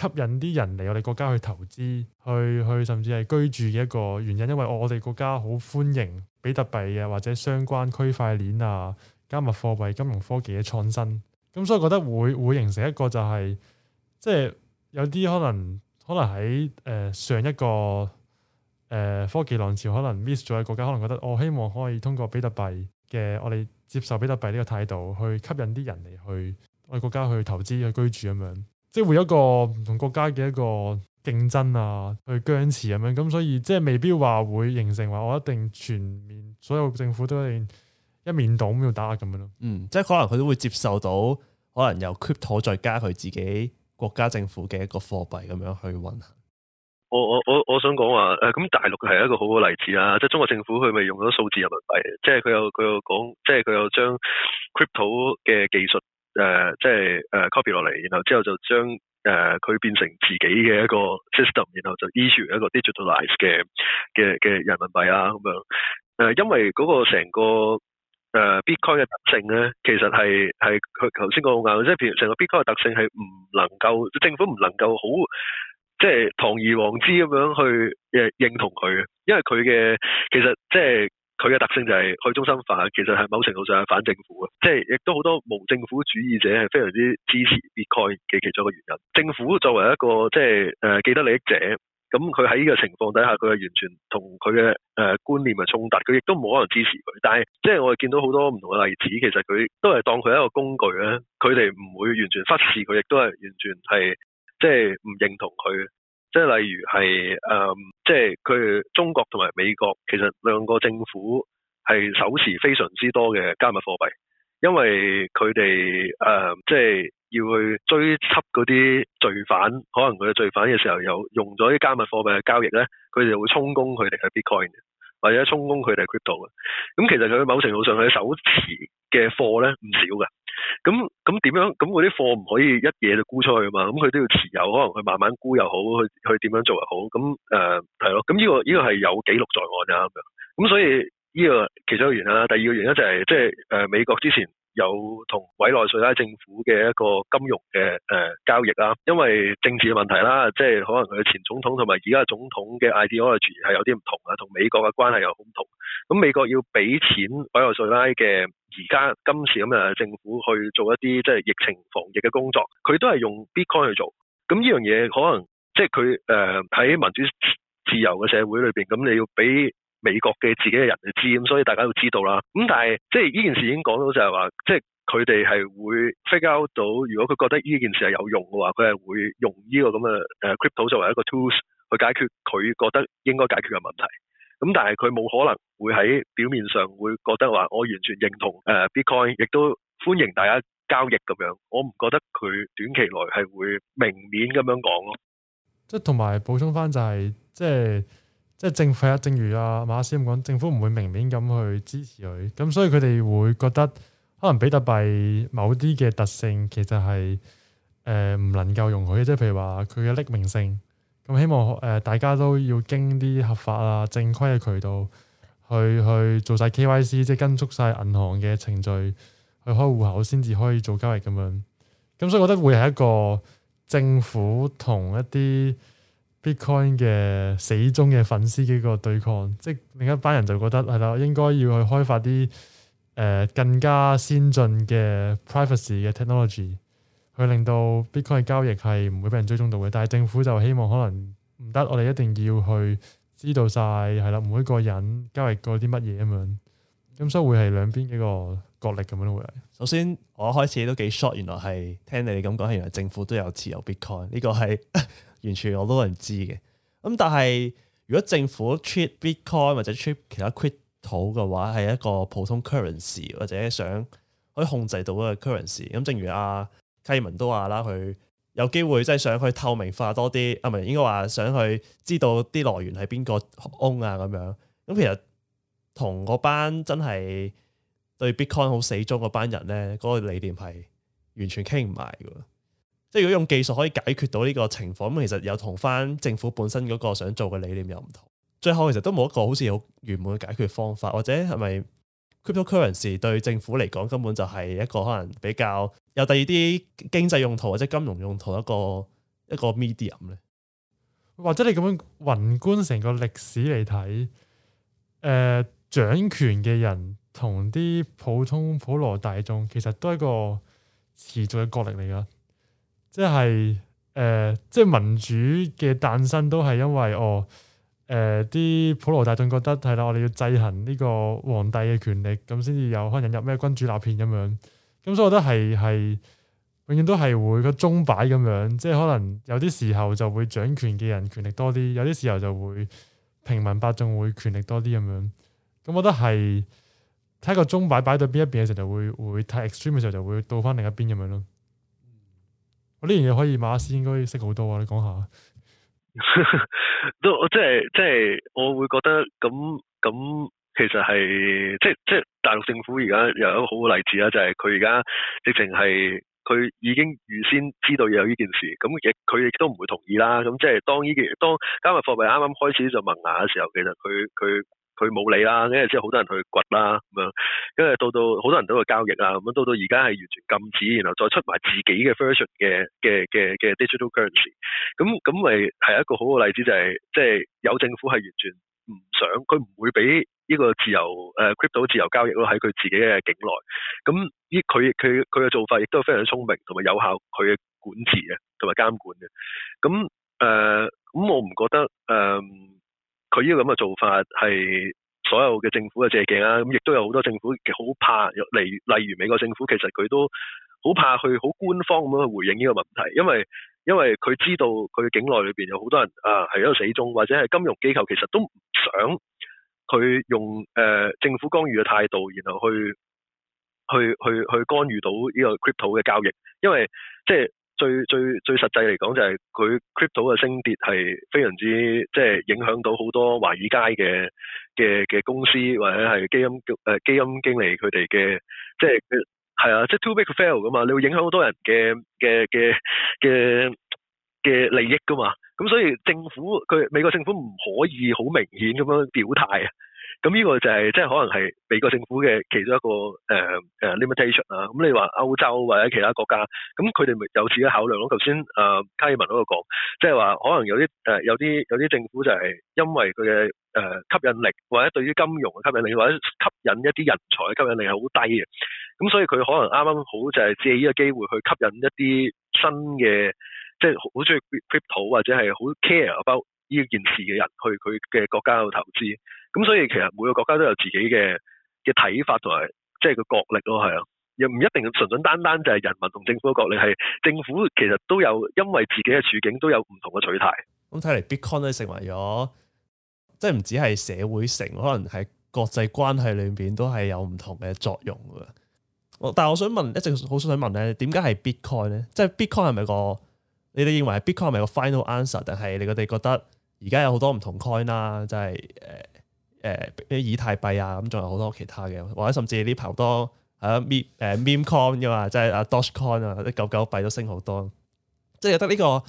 S2: 吸引啲人嚟我哋國家去投資，去去甚至係居住嘅一個原因，因為、哦、我哋國家好歡迎比特幣啊或者相關區塊鏈啊加密貨幣、金融科技嘅創新，咁所以覺得會會形成一個就係即係有啲可能可能喺誒、呃、上一個。誒、呃、科技浪潮可能 miss 咗嘅國家，可能覺得我希望可以通過比特幣嘅我哋接受比特幣呢個態度去吸引啲人嚟去我哋國家去投資去居住咁樣，即係會有一個唔同國家嘅一個競爭啊，去僵持咁樣，咁所以即係未必話會形成話我一定全面所有政府都一定一面倒咁樣打壓咁樣咯。嗯，
S1: 即係可能佢都會接受到，可能由 crypto 再加佢自己國家政府嘅一個貨幣咁樣去運行。
S3: 我我我我想講話誒咁大陸係一個好好例子啦、啊，即、就、係、是、中國政府佢咪用咗數字人民幣，即係佢又佢又講，即係佢又將 crypto 嘅技術誒，即係誒 copy 落嚟，然後之後就將誒佢、呃、變成自己嘅一個 system，然後就依、e、存一個 digitalize 嘅嘅嘅人民幣啦、啊。咁樣誒、呃，因為嗰個成個誒、呃、Bitcoin 嘅特性咧，其實係係佢頭先講好啱，即係譬如成個 Bitcoin 嘅特性係唔能夠政府唔能夠好。即係堂而皇之咁樣去誒認同佢，因為佢嘅其實即係佢嘅特性就係去中心化，其實係某程度上係反政府嘅。即係亦都好多無政府主義者係非常之支持 b 概 t 嘅其中一個原因。政府作為一個即係誒，既得利益者，咁佢喺呢個情況底下，佢係完全同佢嘅誒觀念係衝突，佢亦都冇可能支持佢。但係即係我哋見到好多唔同嘅例子，其實佢都係當佢一個工具啊。佢哋唔會完全忽視佢，亦都係完全係。即係唔認同佢，即係例如係誒、呃，即係佢中國同埋美國，其實兩個政府係手持非常之多嘅加密貨幣，因為佢哋誒，即係要去追緝嗰啲罪犯，可能佢嘅罪犯嘅時候有用咗啲加密貨幣去交易咧，佢哋會充公佢哋嘅 Bitcoin 或者充公佢哋嘅 Crypto 嘅。咁、嗯、其實佢某程度上佢手持嘅貨咧唔少嘅。咁咁點樣？咁嗰啲貨唔可以一嘢就沽出去嘛？咁佢都要持有，可能佢慢慢沽又好，佢佢點樣做又好。咁誒係咯。咁、呃、呢、呢個呢、呢個係有記錄在案啊咁樣。咁所以呢、呢個其中一個原因啦。第二個原因就係即係誒美國之前。有同委內瑞拉政府嘅一個金融嘅誒、呃、交易啦，因為政治嘅問題啦，即係可能佢前總統同埋而家嘅總統嘅 ideology 係有啲唔同啊，同美國嘅關係又好唔同。咁美國要俾錢委內瑞，瑞拉嘅而家今次咁嘅政府去做一啲即係疫情防疫嘅工作，佢都係用 bitcoin 去做。咁呢樣嘢可能即係佢誒喺民主自由嘅社會裏邊，咁你要俾。美國嘅自己嘅人就知，咁所以大家都知道啦。咁但係即係呢件事已經講到就係話，即係佢哋係會 figure out 到，如果佢覺得呢件事係有用嘅話，佢係會用呢個咁嘅誒、呃、crypto 作為一個 tools 去解決佢覺得應該解決嘅問題。咁但係佢冇可能會喺表面上會覺得話，我完全認同誒、呃、Bitcoin，亦都歡迎大家交易咁樣。我唔覺得佢短期內係會明面咁樣講咯、就
S2: 是。即係同埋補充返就係即係。即係政府啊，正如阿馬克斯咁講，政府唔會明面咁去支持佢，咁所以佢哋會覺得可能比特幣某啲嘅特性其實係誒唔能夠容許，即係譬如話佢嘅匿名性。咁希望誒、呃、大家都要經啲合法啊正規嘅渠道去去做晒 KYC，即係跟足晒銀行嘅程序去開戶口先至可以做交易咁樣。咁所以我覺得會係一個政府同一啲。Bitcoin 嘅死忠嘅粉絲嘅一個對抗，即係另一班人就覺得係啦，應該要去開發啲誒、呃、更加先進嘅 privacy 嘅 technology，去令到 Bitcoin 嘅交易係唔會俾人追蹤到嘅。但係政府就希望可能唔得，我哋一定要去知道晒，係啦，每個人交易過啲乜嘢咁樣，咁所以會係兩邊嘅一個角力咁樣咯。會係
S1: 首先我一開始都幾 short，原來係聽你哋咁講，原來政府都有持有 Bitcoin 呢個係。 完全我都係唔知嘅，咁但係如果政府 treat Bitcoin 或者 treat 其他 crypto 嘅話，係一個普通 currency 或者想可以控制到嘅 currency，咁、嗯、正如阿、啊、Calvin 都話啦，佢有機會真係想去透明化多啲，啊，唔係應該話想去知道啲來源係邊個 own 啊咁樣，咁其實同嗰班真係對 Bitcoin 好死忠嘅班人咧，嗰、那個理念係完全傾唔埋㗎。即係如果用技術可以解決到呢個情況，咁其實又同翻政府本身嗰個想做嘅理念又唔同。最後其實都冇一個好似好圓滿嘅解決方法，或者係咪 cryptocurrency 對政府嚟講根本就係一個可能比較有第二啲經濟用途或者金融用途一個
S2: 一個 medium 咧？或者你咁樣宏觀成個歷史嚟睇，誒、呃、掌權嘅人同啲普通普羅大眾其實都係一個持續嘅角力嚟㗎。即係誒、呃，即係民主嘅誕生都係因為哦，誒、呃、啲普羅大眾覺得係啦，我哋要制衡呢個皇帝嘅權力，咁先至有可能引入咩君主立憲咁樣。咁所以我覺得係係永遠都係會個鐘擺咁樣，即係可能有啲時候就會掌權嘅人權力多啲，有啲時候就會平民百姓會權力多啲咁樣。咁我覺得係睇個鐘擺擺到邊一邊嘅時候，就會會太 extreme 嘅時候就會倒返另一邊咁樣咯。呢樣嘢可以馬斯應該識好多啊！你講下
S3: 都 即係即係我會覺得咁咁，其實係即即大陸政府而家有一個好嘅例子啦，就係佢而家直情係佢已經預先知道有呢件事，咁亦佢亦都唔會同意啦。咁即係當呢件當加密貨幣啱啱開始就萌芽嘅時候，其實佢佢。佢冇理啦，跟住之後好多人去掘啦，咁樣，因為到到好多人都去交易啦，咁樣到到而家係完全禁止，然後再出埋自己嘅 version 嘅嘅嘅嘅 digital currency，咁咁咪係一個好嘅例子，就係即係有政府係完全唔想，佢唔會俾呢個自由誒 crypto 自由交易咯喺佢自己嘅境內，咁依佢佢佢嘅做法亦都係非常聰明同埋有,有效佢嘅管治嘅，同埋監管嘅，咁誒咁我唔覺得誒。呃佢呢個咁嘅做法係所有嘅政府嘅借鏡啦，啊，咁亦都有好多政府好怕，例如例如美國政府其實佢都好怕去好官方咁樣去回應呢個問題，因為因為佢知道佢境內裏邊有好多人啊係一度死忠，或者係金融機構其實都唔想去用誒、呃、政府干預嘅態度，然後去去去去干預到呢個 crypto 嘅交易，因為即係。最最最實際嚟講，就係佢 crypto 嘅升跌係非常之即係、就是、影響到好多華爾街嘅嘅嘅公司，或者係基金嘅、呃、基金經理佢哋嘅即係係啊，即係 too big to fail 咁嘛，你會影響好多人嘅嘅嘅嘅嘅利益噶嘛，咁所以政府佢美國政府唔可以好明顯咁樣表態啊。咁呢、嗯這個就係、是、即係可能係美國政府嘅其中一個誒誒、呃呃、limitation 啊、嗯。咁你話歐洲或者其他國家，咁佢哋咪有自己考量咯？頭先誒卡爾文嗰度講，即係話可能有啲誒、呃、有啲有啲政府就係因為佢嘅誒吸引力或者對於金融嘅吸引力或者吸引一啲人才嘅吸引力係好低嘅。咁、嗯、所以佢可能啱啱好就係借呢個機會去吸引一啲新嘅，即係好中意 cryptocurrency 或者係好 care about 呢件事嘅人去佢嘅國家度投資，咁所以其實每個國家都有自己嘅嘅睇法同埋，即係個角力咯，係啊，又唔一定純純單單就係人民同政府嘅角力，係政府其實都有因為自己嘅處境都有唔同嘅取態。
S1: 咁睇嚟，Bitcoin 都成為咗，即係唔止係社會性，可能喺國際關係裏面都係有唔同嘅作用嘅。但係我想問，一直好想問咧，點解係 Bitcoin 咧？即係 Bitcoin 係咪個你哋認為 Bitcoin 係咪個 final answer？定係你哋覺得？而家有好多唔同 coin 啦，就是，即係誒誒咩以太幣啊，咁仲有好多其他嘅，或者甚至呢排好多係咯，mi 誒 meme coin 噶嘛，即係啊 Doge Coin 啊，啲狗狗幣都升好多。即係有得呢，呢個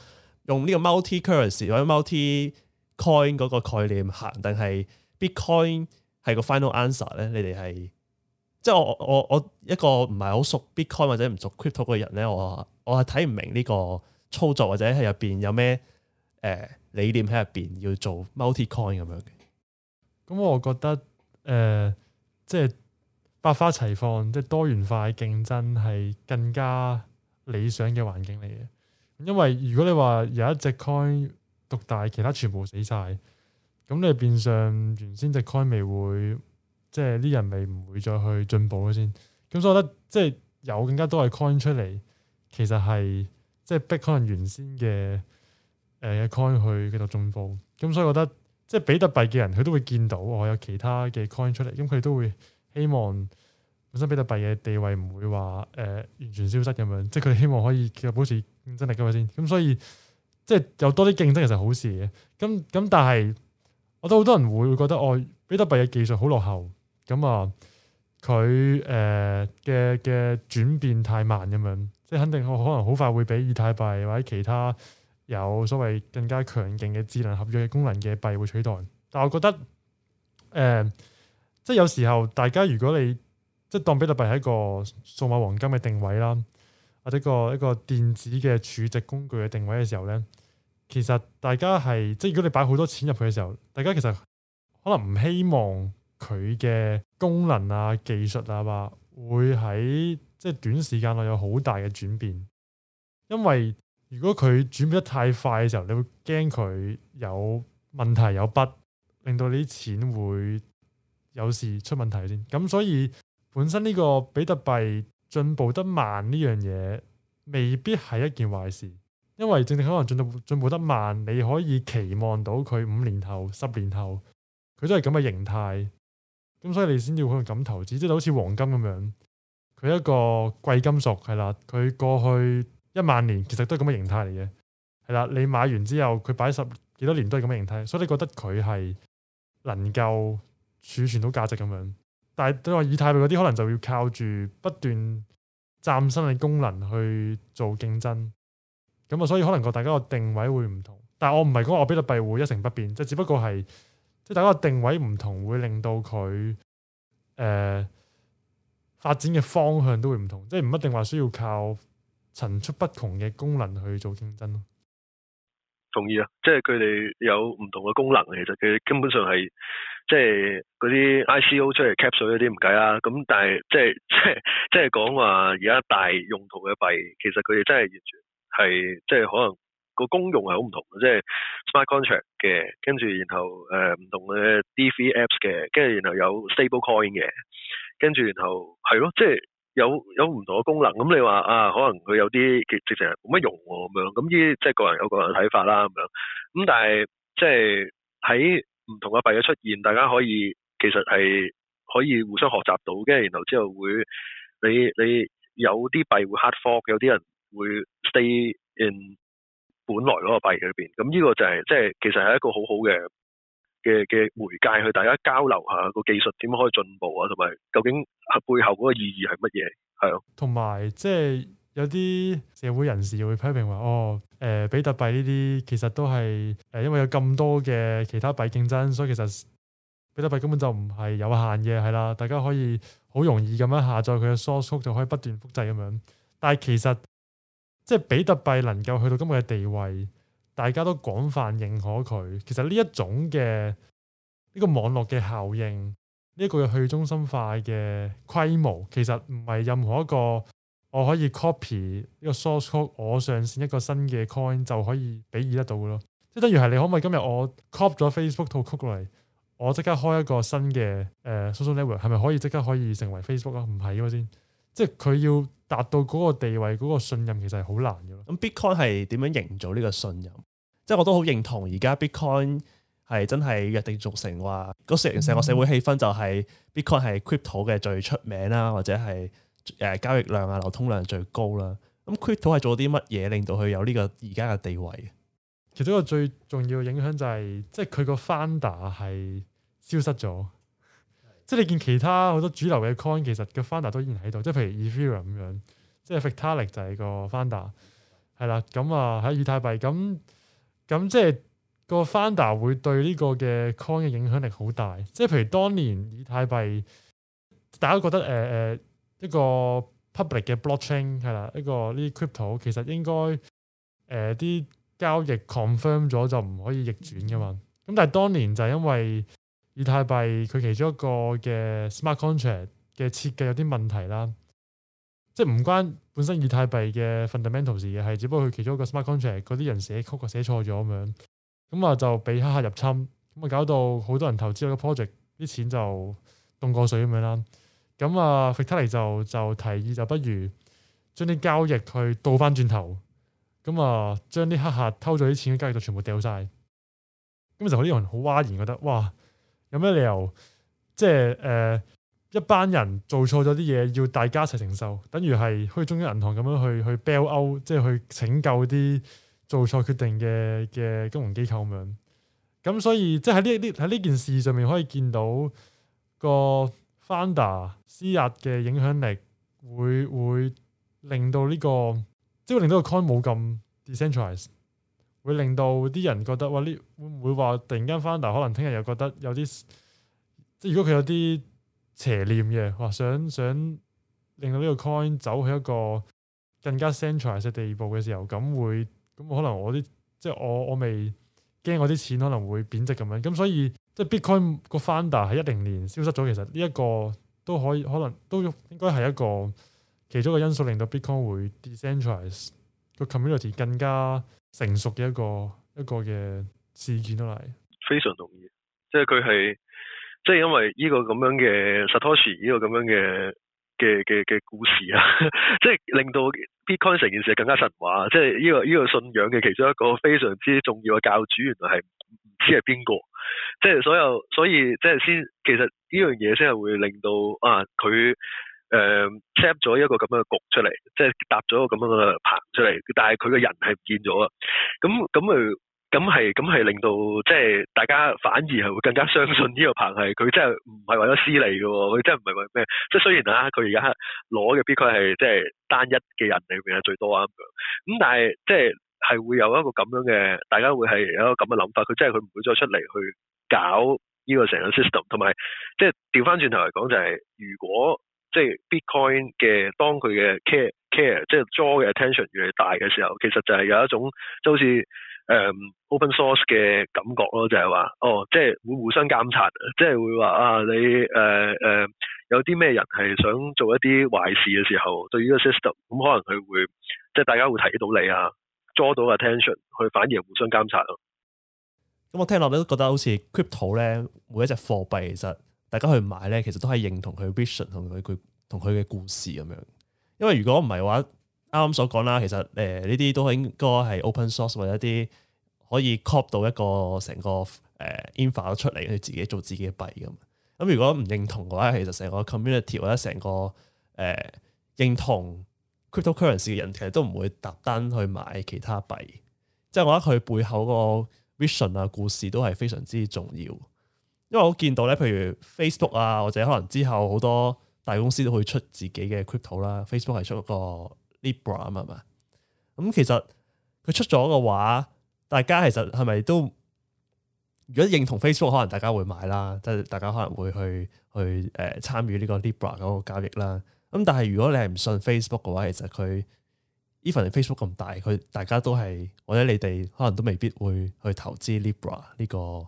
S1: 用呢個 multi currency 或者 multi coin 嗰個概念行，定係 Bitcoin 係個 final answer 咧？你哋係即係我我我一個唔係好熟 Bitcoin 或者唔熟 Crypto 嘅人咧，我我係睇唔明呢個操作或者喺入邊有咩誒？呃.理念喺入邊要做 multi coin 咁樣
S2: 嘅，咁我覺得誒，即係百花齊放，即係多元化競爭係更加理想嘅環境嚟嘅。因為如果你話有一隻 coin 獨大，其他全部死晒，咁你變相原先隻 coin 未會，即係啲人未唔會再去進步先。咁所以我覺得即係、就是、有更加多嘅 coin 出嚟，其實係即係逼可能原先嘅。誒，coin 去繼續進步，咁所以我覺得即係比特幣嘅人，佢都會見到我有其他嘅 coin 出嚟，咁佢都會希望本身比特幣嘅地位唔會話誒、呃、完全消失咁樣，即係佢希望可以其實保持競爭力咁樣先，咁所以即係有多啲競爭其實好事嘅，咁咁但係我都好多人會覺得哦，比特幣嘅技術好落後，咁啊佢誒嘅嘅轉變太慢咁樣，即係肯定可能好快會比以太幣或者其他。有所謂更加強勁嘅智能合約嘅功能嘅幣會取代，但我覺得，誒、呃，即係有時候大家如果你即係當比特幣係一個數碼黃金嘅定位啦，或者一個一個電子嘅儲值工具嘅定位嘅時候咧，其實大家係即係如果你擺好多錢入去嘅時候，大家其實可能唔希望佢嘅功能啊、技術啊，話會喺即係短時間內、啊、有好大嘅轉變，因為，如果佢轉變得太快嘅時候，你會驚佢有問題有不，令到你啲錢會有事出問題先。咁所以本身呢個比特幣進步得慢呢樣嘢，未必係一件壞事，因為正正可能進到進步得慢，你可以期望到佢五年後、十年後，佢都係咁嘅形態。咁所以你先至可能敢投資，即係好似黃金咁樣，佢一個貴金屬係啦，佢過去。一萬年其實都係咁嘅形態嚟嘅，係啦，你買完之後佢擺十幾多年都係咁嘅形態，所以你覺得佢係能夠儲存到價值咁樣？但係都話以太幣嗰啲可能就要靠住不斷嶄新嘅功能去做競爭，咁啊，所以可能個大家個定位會唔同。但係我唔係講話比特幣會一成不變，即係只不過係即係大家個定位唔同，會令到佢誒發展嘅方向都會唔同，即係唔一定話需要靠。層出不窮嘅功能去做競爭。咯，
S3: 同意啊！即係佢哋有唔同嘅功能，其實佢根本上係即係嗰啲 ICO 出嚟 cap 水嗰啲唔計啦。咁但係即係即係即係講話而家大用途嘅幣，其實佢哋真係完全係即係可能個功用係好唔同嘅，即係 smart contract 嘅，跟住然後誒唔、呃、同嘅 DeFi apps 嘅，跟住然後有 stable coin 嘅，跟住然後係咯，即係。有有唔同嘅功能，咁、嗯、你話啊，可能佢有啲直情係冇乜用咁、啊、樣，咁呢啲即係個人有個人嘅睇法啦咁樣。咁但係即係喺唔同嘅幣嘅出現，大家可以其實係可以互相學習到，跟住然後之後會你你有啲幣會 hard fork，有啲人會 stay in 本來嗰個幣裏邊。咁呢個就係即係其實係一個好好嘅。嘅嘅媒介去大家交流下個技術點樣可以進步啊，同埋究竟背後嗰個意義係乜嘢？係
S2: 咯，同埋即係有啲、就是、社會人士會批評話哦，誒、呃、比特幣呢啲其實都係誒、呃、因為有咁多嘅其他幣競爭，所以其實比特幣根本就唔係有限嘅，係啦，大家可以好容易咁樣下載佢嘅 source code 就可以不斷複製咁樣，但係其實即係、就是、比特幣能夠去到今日嘅地位。大家都廣泛認可佢，其實呢一種嘅呢、這個網絡嘅效應，呢、這、一個去中心化嘅規模，其實唔係任何一個我可以 copy 呢個 source code，我上線一個新嘅 coin 就可以比擬得到嘅咯。即係等於係你可唔可以今日我 cop 咗 Facebook 套 code 過嚟，我即刻開一個新嘅誒、呃、social network，係咪可以即刻可以成為 Facebook 啊？唔係咁先。即係佢要達到嗰個地位、嗰、嗰個信任其實係好難嘅咯。咁 Bitcoin 係點樣營造呢個信
S1: 任？即係我都好認同而家 Bitcoin 係真係約定俗成話，個社成個社，社會氣氛就係 Bitcoin 係 Crypto 嘅最出名啦，或者係誒交易量啊、流通量最高啦。咁 Crypto 係做啲乜嘢令到佢有呢個而家嘅地位？
S2: 其中一個最重要影響就係、是、即係佢個 founder 係消失咗。即係你見其他好多主流嘅 coin，其實個 founder 都依然喺度。即係譬如 ethereum 咁樣，即係 vitalik 就係個 founder 係啦。咁啊喺以太幣，咁咁即係個 founder 會對呢個嘅 coin 嘅影響力好大。即係譬如當年以太幣，大家都覺得誒誒一個 public 嘅 blockchain 係啦，一個呢啲 crypto 其實應該誒啲、呃、交易 confirm 咗就唔可以逆轉嘅嘛。咁但係當年就因為以太幣佢其中一個嘅 smart contract 嘅設計有啲問題啦，即係唔關本身以太幣嘅 fundamentals 事嘅，係只不過佢其中一個 smart contract 嗰啲人寫 code 寫錯咗咁樣，咁啊就被黑客入侵，咁啊搞到好多人投資咗個 project 啲錢就凍過水咁樣啦，咁啊 Fletcher 就就提議就不如將啲交易去倒翻轉頭，咁啊將啲黑客偷咗啲錢嘅交易就全部掉晒。咁就啲人好嘩然覺得哇！有咩理由？即係誒、呃、一班人做錯咗啲嘢，要大家一齊承受，等於係好似中央銀行咁樣去去 bail out 即係去拯救啲做錯決定嘅嘅金融機構咁樣。咁所以即喺呢啲喺呢件事上面可以見到，個 founder 施壓嘅影響力會，會會令到呢、呢個即係令到個 coin 冇咁 decentralized 會令到啲人覺得哇呢，會唔會話突然間 founder 可能聽日又覺得有啲，即係如果佢有啲邪念嘅話，想想令到呢個 coin 走去一個更加 centralized 地步嘅時候，咁會咁、嗯、可能我啲即係我我未驚我啲錢可能會貶值咁樣，咁所以即係 bitcoin 個 founder 喺一零年消失咗，其實呢一個都可以可能都應該係一個其中嘅因素，令到 bitcoin 會 decentralize 個 community 更加。成熟嘅一個一個嘅事件都嚟，
S3: 非常容易。即係佢係即係因為呢個咁樣嘅 Satoshi 呢個咁樣嘅嘅嘅嘅故事啊，即係令到 Bitcoin 成件事更加神話。即係呢個呢個信仰嘅其中一個非常之重要嘅教主，原來係唔知係邊個。即係所有所以即係先，其實呢樣嘢先係會令到啊佢。誒，set 咗一個咁樣嘅局出嚟，即係搭咗一個咁樣嘅棚出嚟，但係佢個人係唔見咗啊！咁咁誒，咁係咁係令到即係大家反而係會更加相信呢個棚係佢真係唔係為咗私利嘅，佢真係唔係為咩？即係雖然啊，佢而家攞嘅畢竟係即係單一嘅人裏邊係最多啊咁樣，咁但係即係係會有一個咁樣嘅，大家會係有一個咁嘅諗法，佢即係佢唔會再出嚟去搞呢個成個 system，同埋即係調翻轉頭嚟講就係、是、如果。即係 Bitcoin 嘅，當佢嘅 care care 即係 draw 嘅 attention 越嚟大嘅時候，其實就係有一種就好似誒、um, open source 嘅感覺咯，就係、是、話哦，即係會互相監察，即係會話啊你誒誒、呃呃、有啲咩人係想做一啲壞事嘅時候，對依於個 system，咁、嗯、可能佢會即係大家會睇到你啊，draw 到 attention，佢反而互相監察咯。
S1: 咁我聽落你都覺得好似 crypto 咧，每一隻貨幣其實。大家去買咧，其實都係認同佢 vision 同佢佢同佢嘅故事咁樣。因為如果唔係嘅話，啱啱所講啦，其實誒呢啲都應該係 open source 或者一啲可以 copy 到一個成個誒 infra 出嚟，佢自己做自己嘅幣咁。咁如果唔認同嘅話，其實成個 community 或者成個誒、呃、認同 cryptocurrency 嘅人，其實都唔會特登去買其他幣。即係我覺得佢背後個 vision 啊故事都係非常之重要。因為我見到咧，譬如 Facebook 啊，或者可能之後好多大公司都會出自己嘅 crypto 啦。Facebook 係出一個 Libra 啊嘛，係嘛，咁、嗯、其實佢出咗嘅話，大家其實係咪都如果認同 Facebook，可能大家會買啦，即係大家可能會去去誒參與呢個 Libra 嗰個交易啦。咁、嗯、但係如果你係唔信 Facebook 嘅話，其實佢 even Facebook 咁大，佢大家都係或者你哋可能都未必會去投資 Libra 呢個。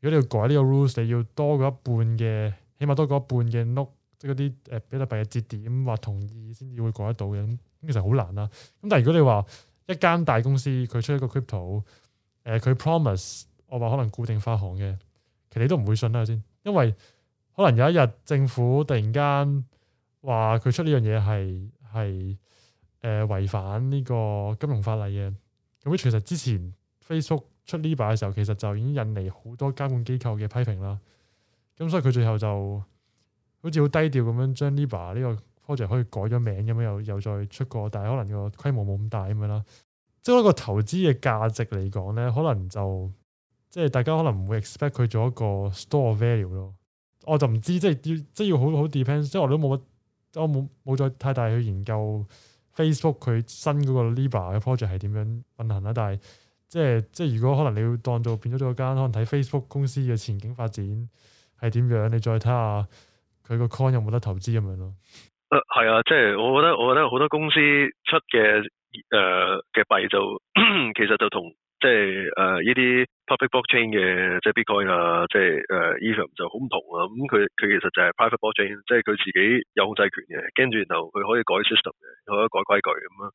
S2: 如果你要改呢個 rules，你要多過一半嘅，起碼多過一半嘅 note，即係嗰啲誒比特幣嘅節點或同意先至會改得到嘅，咁其實好難啦、啊。咁但係如果你話一間大公司佢出一個 crypto、呃、佢 promise，我話可能固定發行嘅，其實你都唔會信啦、啊、先，因為可能有一日政府突然間話佢出呢樣嘢係係誒違反呢個金融法例嘅，咁其實之前 Facebook。出 Libra 嘅時候，其實就已經引嚟好多監管機構嘅批評啦。咁所以佢最後就好似好低調咁樣，將 Libra 呢個 project 可以改咗名咁樣，又又再出過，但係可能個規模冇咁大咁樣啦。即係一個投資嘅價值嚟講咧，可能就即係、就是、大家可能唔會 expect 佢做一個 store value 咯。我就唔知，即、就、係、是、要即係、就是、要好好 depend，即係我都冇乜，我冇冇再太大去研究 Facebook 佢新嗰個 Libra 嘅 project 係點樣運行啦，但係。即係即係，如果可能，你要當做變咗做間可能睇 Facebook 公司嘅前景發展係點樣，你再睇下佢個 coin 有冇得投資咁樣咯。誒
S3: 係啊，啊，即係我覺得我覺得好多公司出嘅誒嘅幣就 其實就同即係誒依啲 public blockchain 嘅，即係、呃、Bitcoin 啊，即係誒 Ethereum 就好唔同啊。咁佢佢其實就係 private blockchain，即係佢自己有控制權嘅，跟住然後佢可以改 system 嘅，可以改規矩咁啊。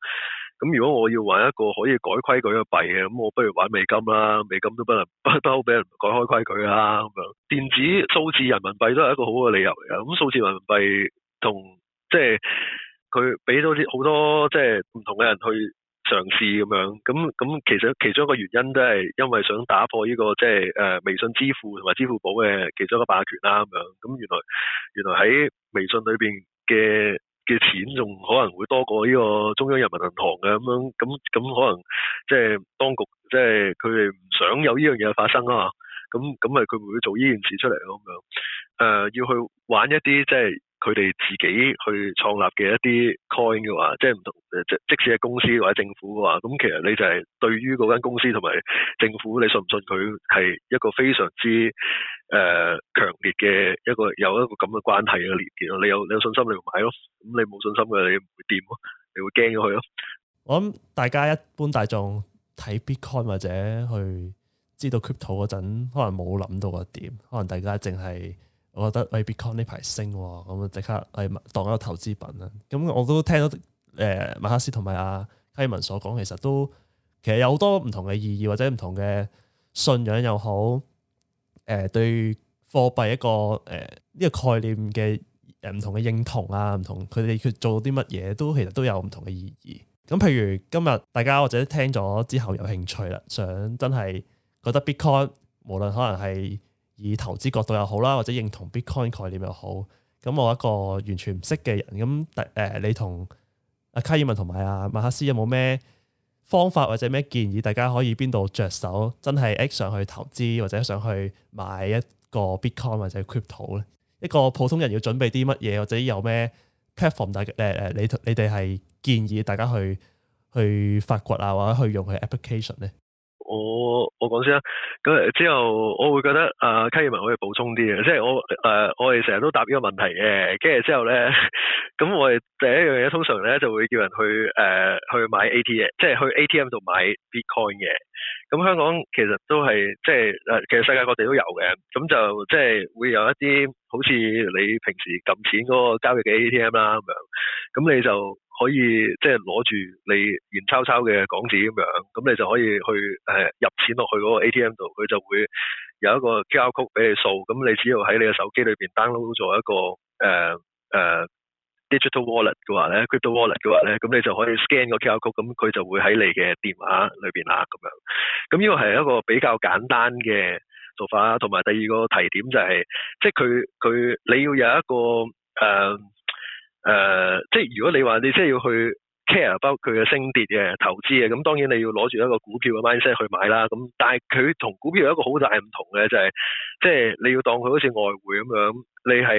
S3: 咁如果我要玩一個可以改規矩嘅幣嘅，咁我不如玩美金啦，美金都不能都好俾人改開規矩啦咁樣。電子數字人民幣都係一個好嘅理由嚟。咁數字人民幣同即係佢俾到啲好多即係唔同嘅人去嘗試咁樣，咁咁其實其中一個原因都係因為想打破呢、這個即係誒、呃、微信支付同埋支付寶嘅其中一個霸權啦咁樣。咁原來原來喺微信裏邊嘅。嘅錢仲可能會多過呢個中央人民銀行嘅咁樣，咁咁可能即係當局即係佢哋唔想有呢樣嘢發生啊嘛，咁咁咪佢會做呢件事出嚟咯咁樣，誒、呃、要去玩一啲即係。佢哋自己去創立嘅一啲 coin 嘅話，即係唔同即即使係公司或者政府嘅話，咁其實你就係對於嗰間公司同埋政府，你信唔信佢係一個非常之誒、呃、強烈嘅一個有一個咁嘅關係嘅連結，你然後你有你有信心你會買咯，咁你冇信心嘅你唔會掂咯，你會驚咗佢咯。
S1: 我諗大家一般大眾睇 Bitcoin 或者去知道 crypto 嗰陣，可能冇諗到個點，可能大家淨係。我覺得 Bitcoin 呢排升喎，咁啊即刻係當一個投資品啦。咁我都聽到誒馬克斯同埋卡爾文所講，其實都其實有好多唔同嘅意義，或者唔同嘅信仰又好，誒、呃、對貨幣一個誒呢、呃這個概念嘅誒唔同嘅認同啊，唔同佢哋佢做啲乜嘢都其實都有唔同嘅意義。咁譬如今日大家或者聽咗之後有興趣啦，想真係覺得 Bitcoin 無論可能係。以投資角度又好啦，或者認同 Bitcoin 概念又好，咁我一個完全唔識嘅人，咁誒，你同阿卡爾文同埋阿馬克斯有冇咩方法或者咩建議？大家可以邊度着手？真係上去投資或者上去買一個 Bitcoin 或者 Crypto 咧？一個普通人要準備啲乜嘢，或者有咩 platform？大誒誒，你你哋係建議大家去去發掘啊，或者去用佢嘅 application 咧？
S3: 我我講先啦，咁之後我會覺得誒，卡爾、呃、文可以補充啲嘅，即係我誒、呃，我哋成日都答呢個問題嘅，跟住之後咧，咁 我哋第一樣嘢通常咧就會叫人去誒、呃、去買 ATM 嘅，即係去 ATM 度買 Bitcoin 嘅，咁香港其實都係即係誒，其實世界各地都有嘅，咁就即係會有一啲好似你平時撳錢嗰個交易嘅 ATM 啦，咁樣，咁你就。可以即係攞住你原抄抄嘅港紙咁樣，咁你就可以去誒入錢落去嗰個 ATM 度，佢就會有一個 QR code 俾你掃。咁你只要喺你嘅手機裏邊 download 做一個誒誒、呃呃、digital wallet 嘅話咧，crypto wallet 嘅話咧，咁你就可以 scan 個 QR code，咁佢就會喺你嘅電話裏邊啦咁樣。咁呢個係一個比較簡單嘅做法。同埋第二個提點就係、是，即係佢佢你要有一個誒。呃誒，uh, 即係如果你話你即係要去 care 包括佢嘅升跌嘅投資嘅，咁、嗯、當然你要攞住一個股票嘅買 set 去買啦。咁、嗯，但係佢同股票有一個好大唔同嘅，就係、是、即係你要當佢好似外匯咁樣，你係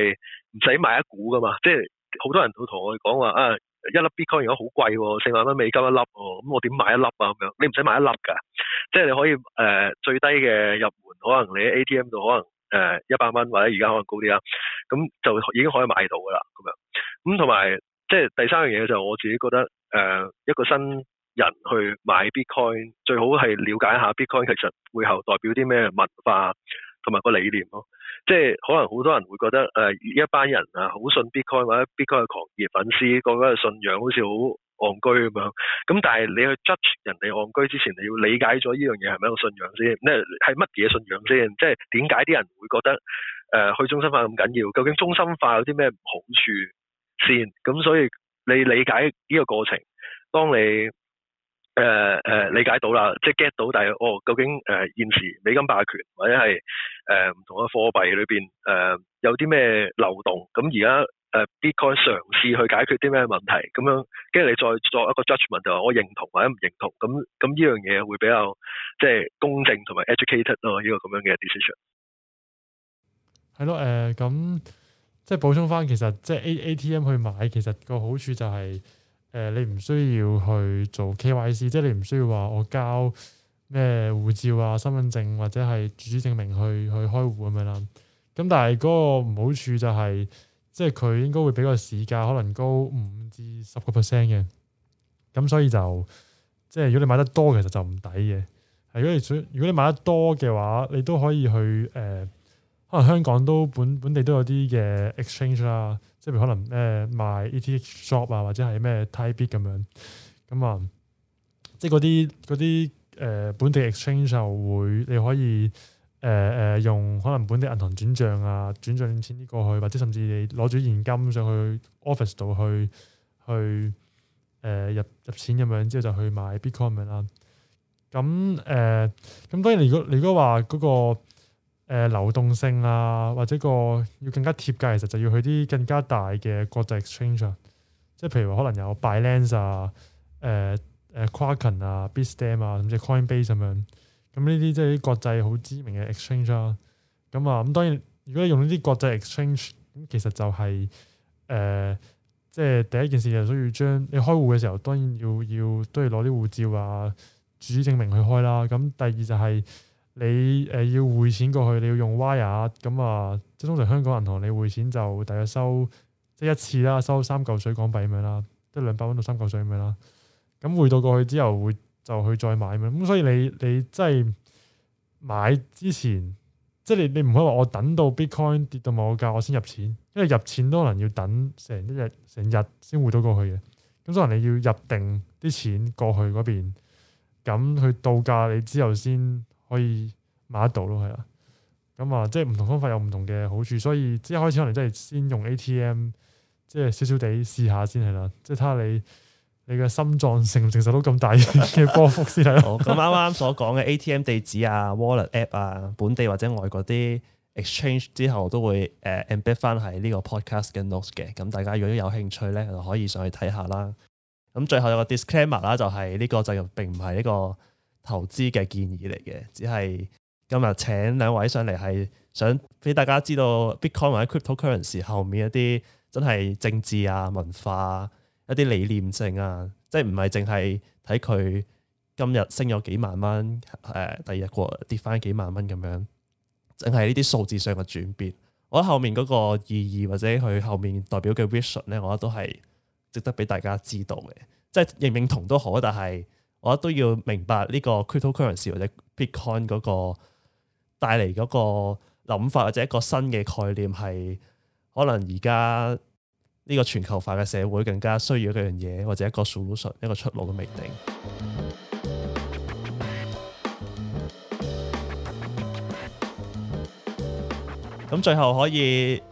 S3: 唔使買一股噶嘛。即係好多人都同我哋講話啊，一粒 bitcoin 如果好貴喎、哦，四萬蚊美金一粒喎，咁、啊嗯、我點買一粒啊？咁樣你唔使買一粒㗎，即係你可以誒、呃、最低嘅入門，可能你 ATM 度可能……誒，一百蚊或者而家可能高啲啦，咁、嗯、就已經可以買到噶啦，咁樣，咁同埋即係第三樣嘢就我自己覺得，誒、呃，一個新人去買 Bitcoin 最好係了解一下 Bitcoin 其實背後代表啲咩文化同埋個理念咯、哦，即係可能好多人會覺得誒、呃、一班人啊好信 Bitcoin 或者 Bitcoin 嘅狂熱粉絲個個信仰好似好。戇居咁樣，咁但係你去 judge 人哋戇居之前，你要理解咗呢樣嘢係咪一個信仰先？即係乜嘢信仰先？即係點解啲人會覺得誒、呃、去中心化咁緊要？究竟中心化有啲咩唔好處先？咁所以你理解呢個過程，當你誒誒、呃呃、理解到啦，即係 get 到，但係哦，究竟誒、呃、現時美金霸權或者係誒唔同嘅貨幣裏邊誒、呃、有啲咩漏洞？咁而家。誒，Bitcoin 嘗試去解決啲咩問題，咁樣，跟住你再作一個 judgment 就話我認同或者唔認同，咁咁呢樣嘢會比較即係公正同埋 educated 咯，呢個咁樣嘅 decision。
S2: 係、呃、咯，誒，咁即係補充翻，其實即係 ATM 去買，其實個好處就係、是，誒、呃，你唔需要去做 KYC，即係你唔需要話我交咩護照啊、身份證或者係住址證明去去開戶咁樣啦。咁但係嗰個唔好處就係、是。即係佢應該會比個市價可能高五至十個 percent 嘅，咁所以就即係如果你買得多，其實就唔抵嘅。係如果你如果你買得多嘅話，你都可以去誒、呃，可能香港都本本地都有啲嘅 exchange 啦，即係可能誒、呃、賣 eth shop 啊，或者係咩 type bit 咁樣，咁啊，即係嗰啲嗰啲誒本地 exchange 就會你可以。誒誒、呃，用可能本地銀行轉賬啊，轉賬錢啲過去，或者甚至你攞住現金上去 office 度去去誒、呃、入入錢咁樣，之後就去買 Bitcoin 啊。咁誒，咁、呃、當然如，如果如果話嗰個誒、呃、流動性啊，或者個要更加貼價，其實就要去啲更加大嘅國際 exchange，啊，即係譬如話可能有 Binance 啊，誒、呃、誒、呃、Kraken 啊，Bitstamp 啊，甚至 Coinbase 咁樣。咁呢啲即係啲國際好知名嘅 exchange 啦。咁啊，咁、嗯、當然，如果你用呢啲國際 exchange，咁其實就係、是、誒，即、呃、係、就是、第一件事就係需要將你開戶嘅時候，當然要要都要攞啲護照啊、住址證明去開啦。咁、嗯、第二就係、是、你誒、呃、要匯錢過去，你要用 wire，咁、嗯、啊，即、嗯、係通常香港銀行你匯錢就大概收即一次啦，收三嚿水港幣咁樣啦，即係兩百蚊到三嚿水咁樣啦。咁、嗯、匯到過去之後會就去再買咩？咁所以你你即係買之前，即係你你唔可以話我等到 Bitcoin 跌到某個價，我先入錢，因為入錢都可能要等成一日成日先匯到過去嘅。咁所以你要入定啲錢過去嗰邊，咁去到價你之後先可以買得到咯，係啦。咁啊，即係唔同方法有唔同嘅好處，所以即一開始可能真係先用 ATM，即係少少地試下先係啦，即係睇下你。你嘅心臟承唔承受到咁大嘅波幅先啦？ 好，咁啱
S1: 啱所講嘅 ATM 地址啊、Wallet App 啊、本地或者外國啲 Exchange 之後都會誒 embed 翻喺呢個 Podcast 嘅 notes 嘅。咁大家如果有興趣咧，就可以上去睇下啦。咁最後有個 Disclaimer 啦、就是，就係呢個就並唔係一個投資嘅建議嚟嘅，只係今日請兩位上嚟係想俾大家知道 Bitcoin 或者 Cryptocurrency 後面一啲真係政治啊、文化啊，一啲理念性啊，即係唔係淨係睇佢今日升咗幾萬蚊，誒、呃，第二日過跌翻幾萬蚊咁樣，淨係呢啲數字上嘅轉變。我覺得後面嗰個意義或者佢後面代表嘅 vision 咧，我覺得都係值得俾大家知道嘅。即係認唔認同都好，但係我覺得都要明白呢個 crypto currency 或者 Bitcoin 嗰個帶嚟嗰個諗法或者一個新嘅概念係可能而家。呢個全球化嘅社會更加需要一樣嘢或者一個一個出路都未定咁 最後可以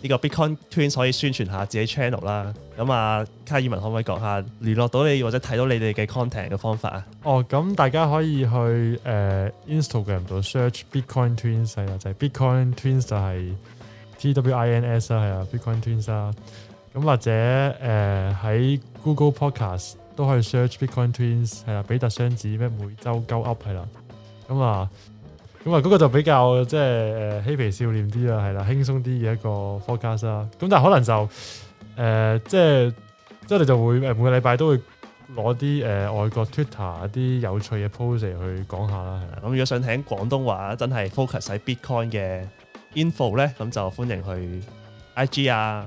S1: 呢、這個 Bitcoin Twins 可以宣傳下自己 channel 啦咁啊卡爾文可唔可以講下聯絡到你或者睇到你哋嘅 content 嘅方法
S2: 啊哦咁大家可以去誒、呃、Instagram 度 search Bitcoin Twins 係啊就係、是 T-W-I-N-S 啊、Bitcoin Twins 就係 Twins 啊係啊 Bitcoin Twins 啊咁或者誒喺 Google Podcast 都可以 search Bitcoin Twins 係啦，比特雙子咩？每週 go up 係啦，咁啊，咁啊嗰個就比較即係誒嬉皮笑臉啲啦，係啦，輕鬆啲嘅一個 Forecast 啦。咁但係可能就誒即係即係你就會每個禮拜都會攞啲誒外國 Twitter 啲有趣嘅 post 嚟去講下啦。
S1: 係啦，咁如果想聽廣東話真係 focus 喺 Bitcoin 嘅 info 咧，咁就歡迎去 IG 啊。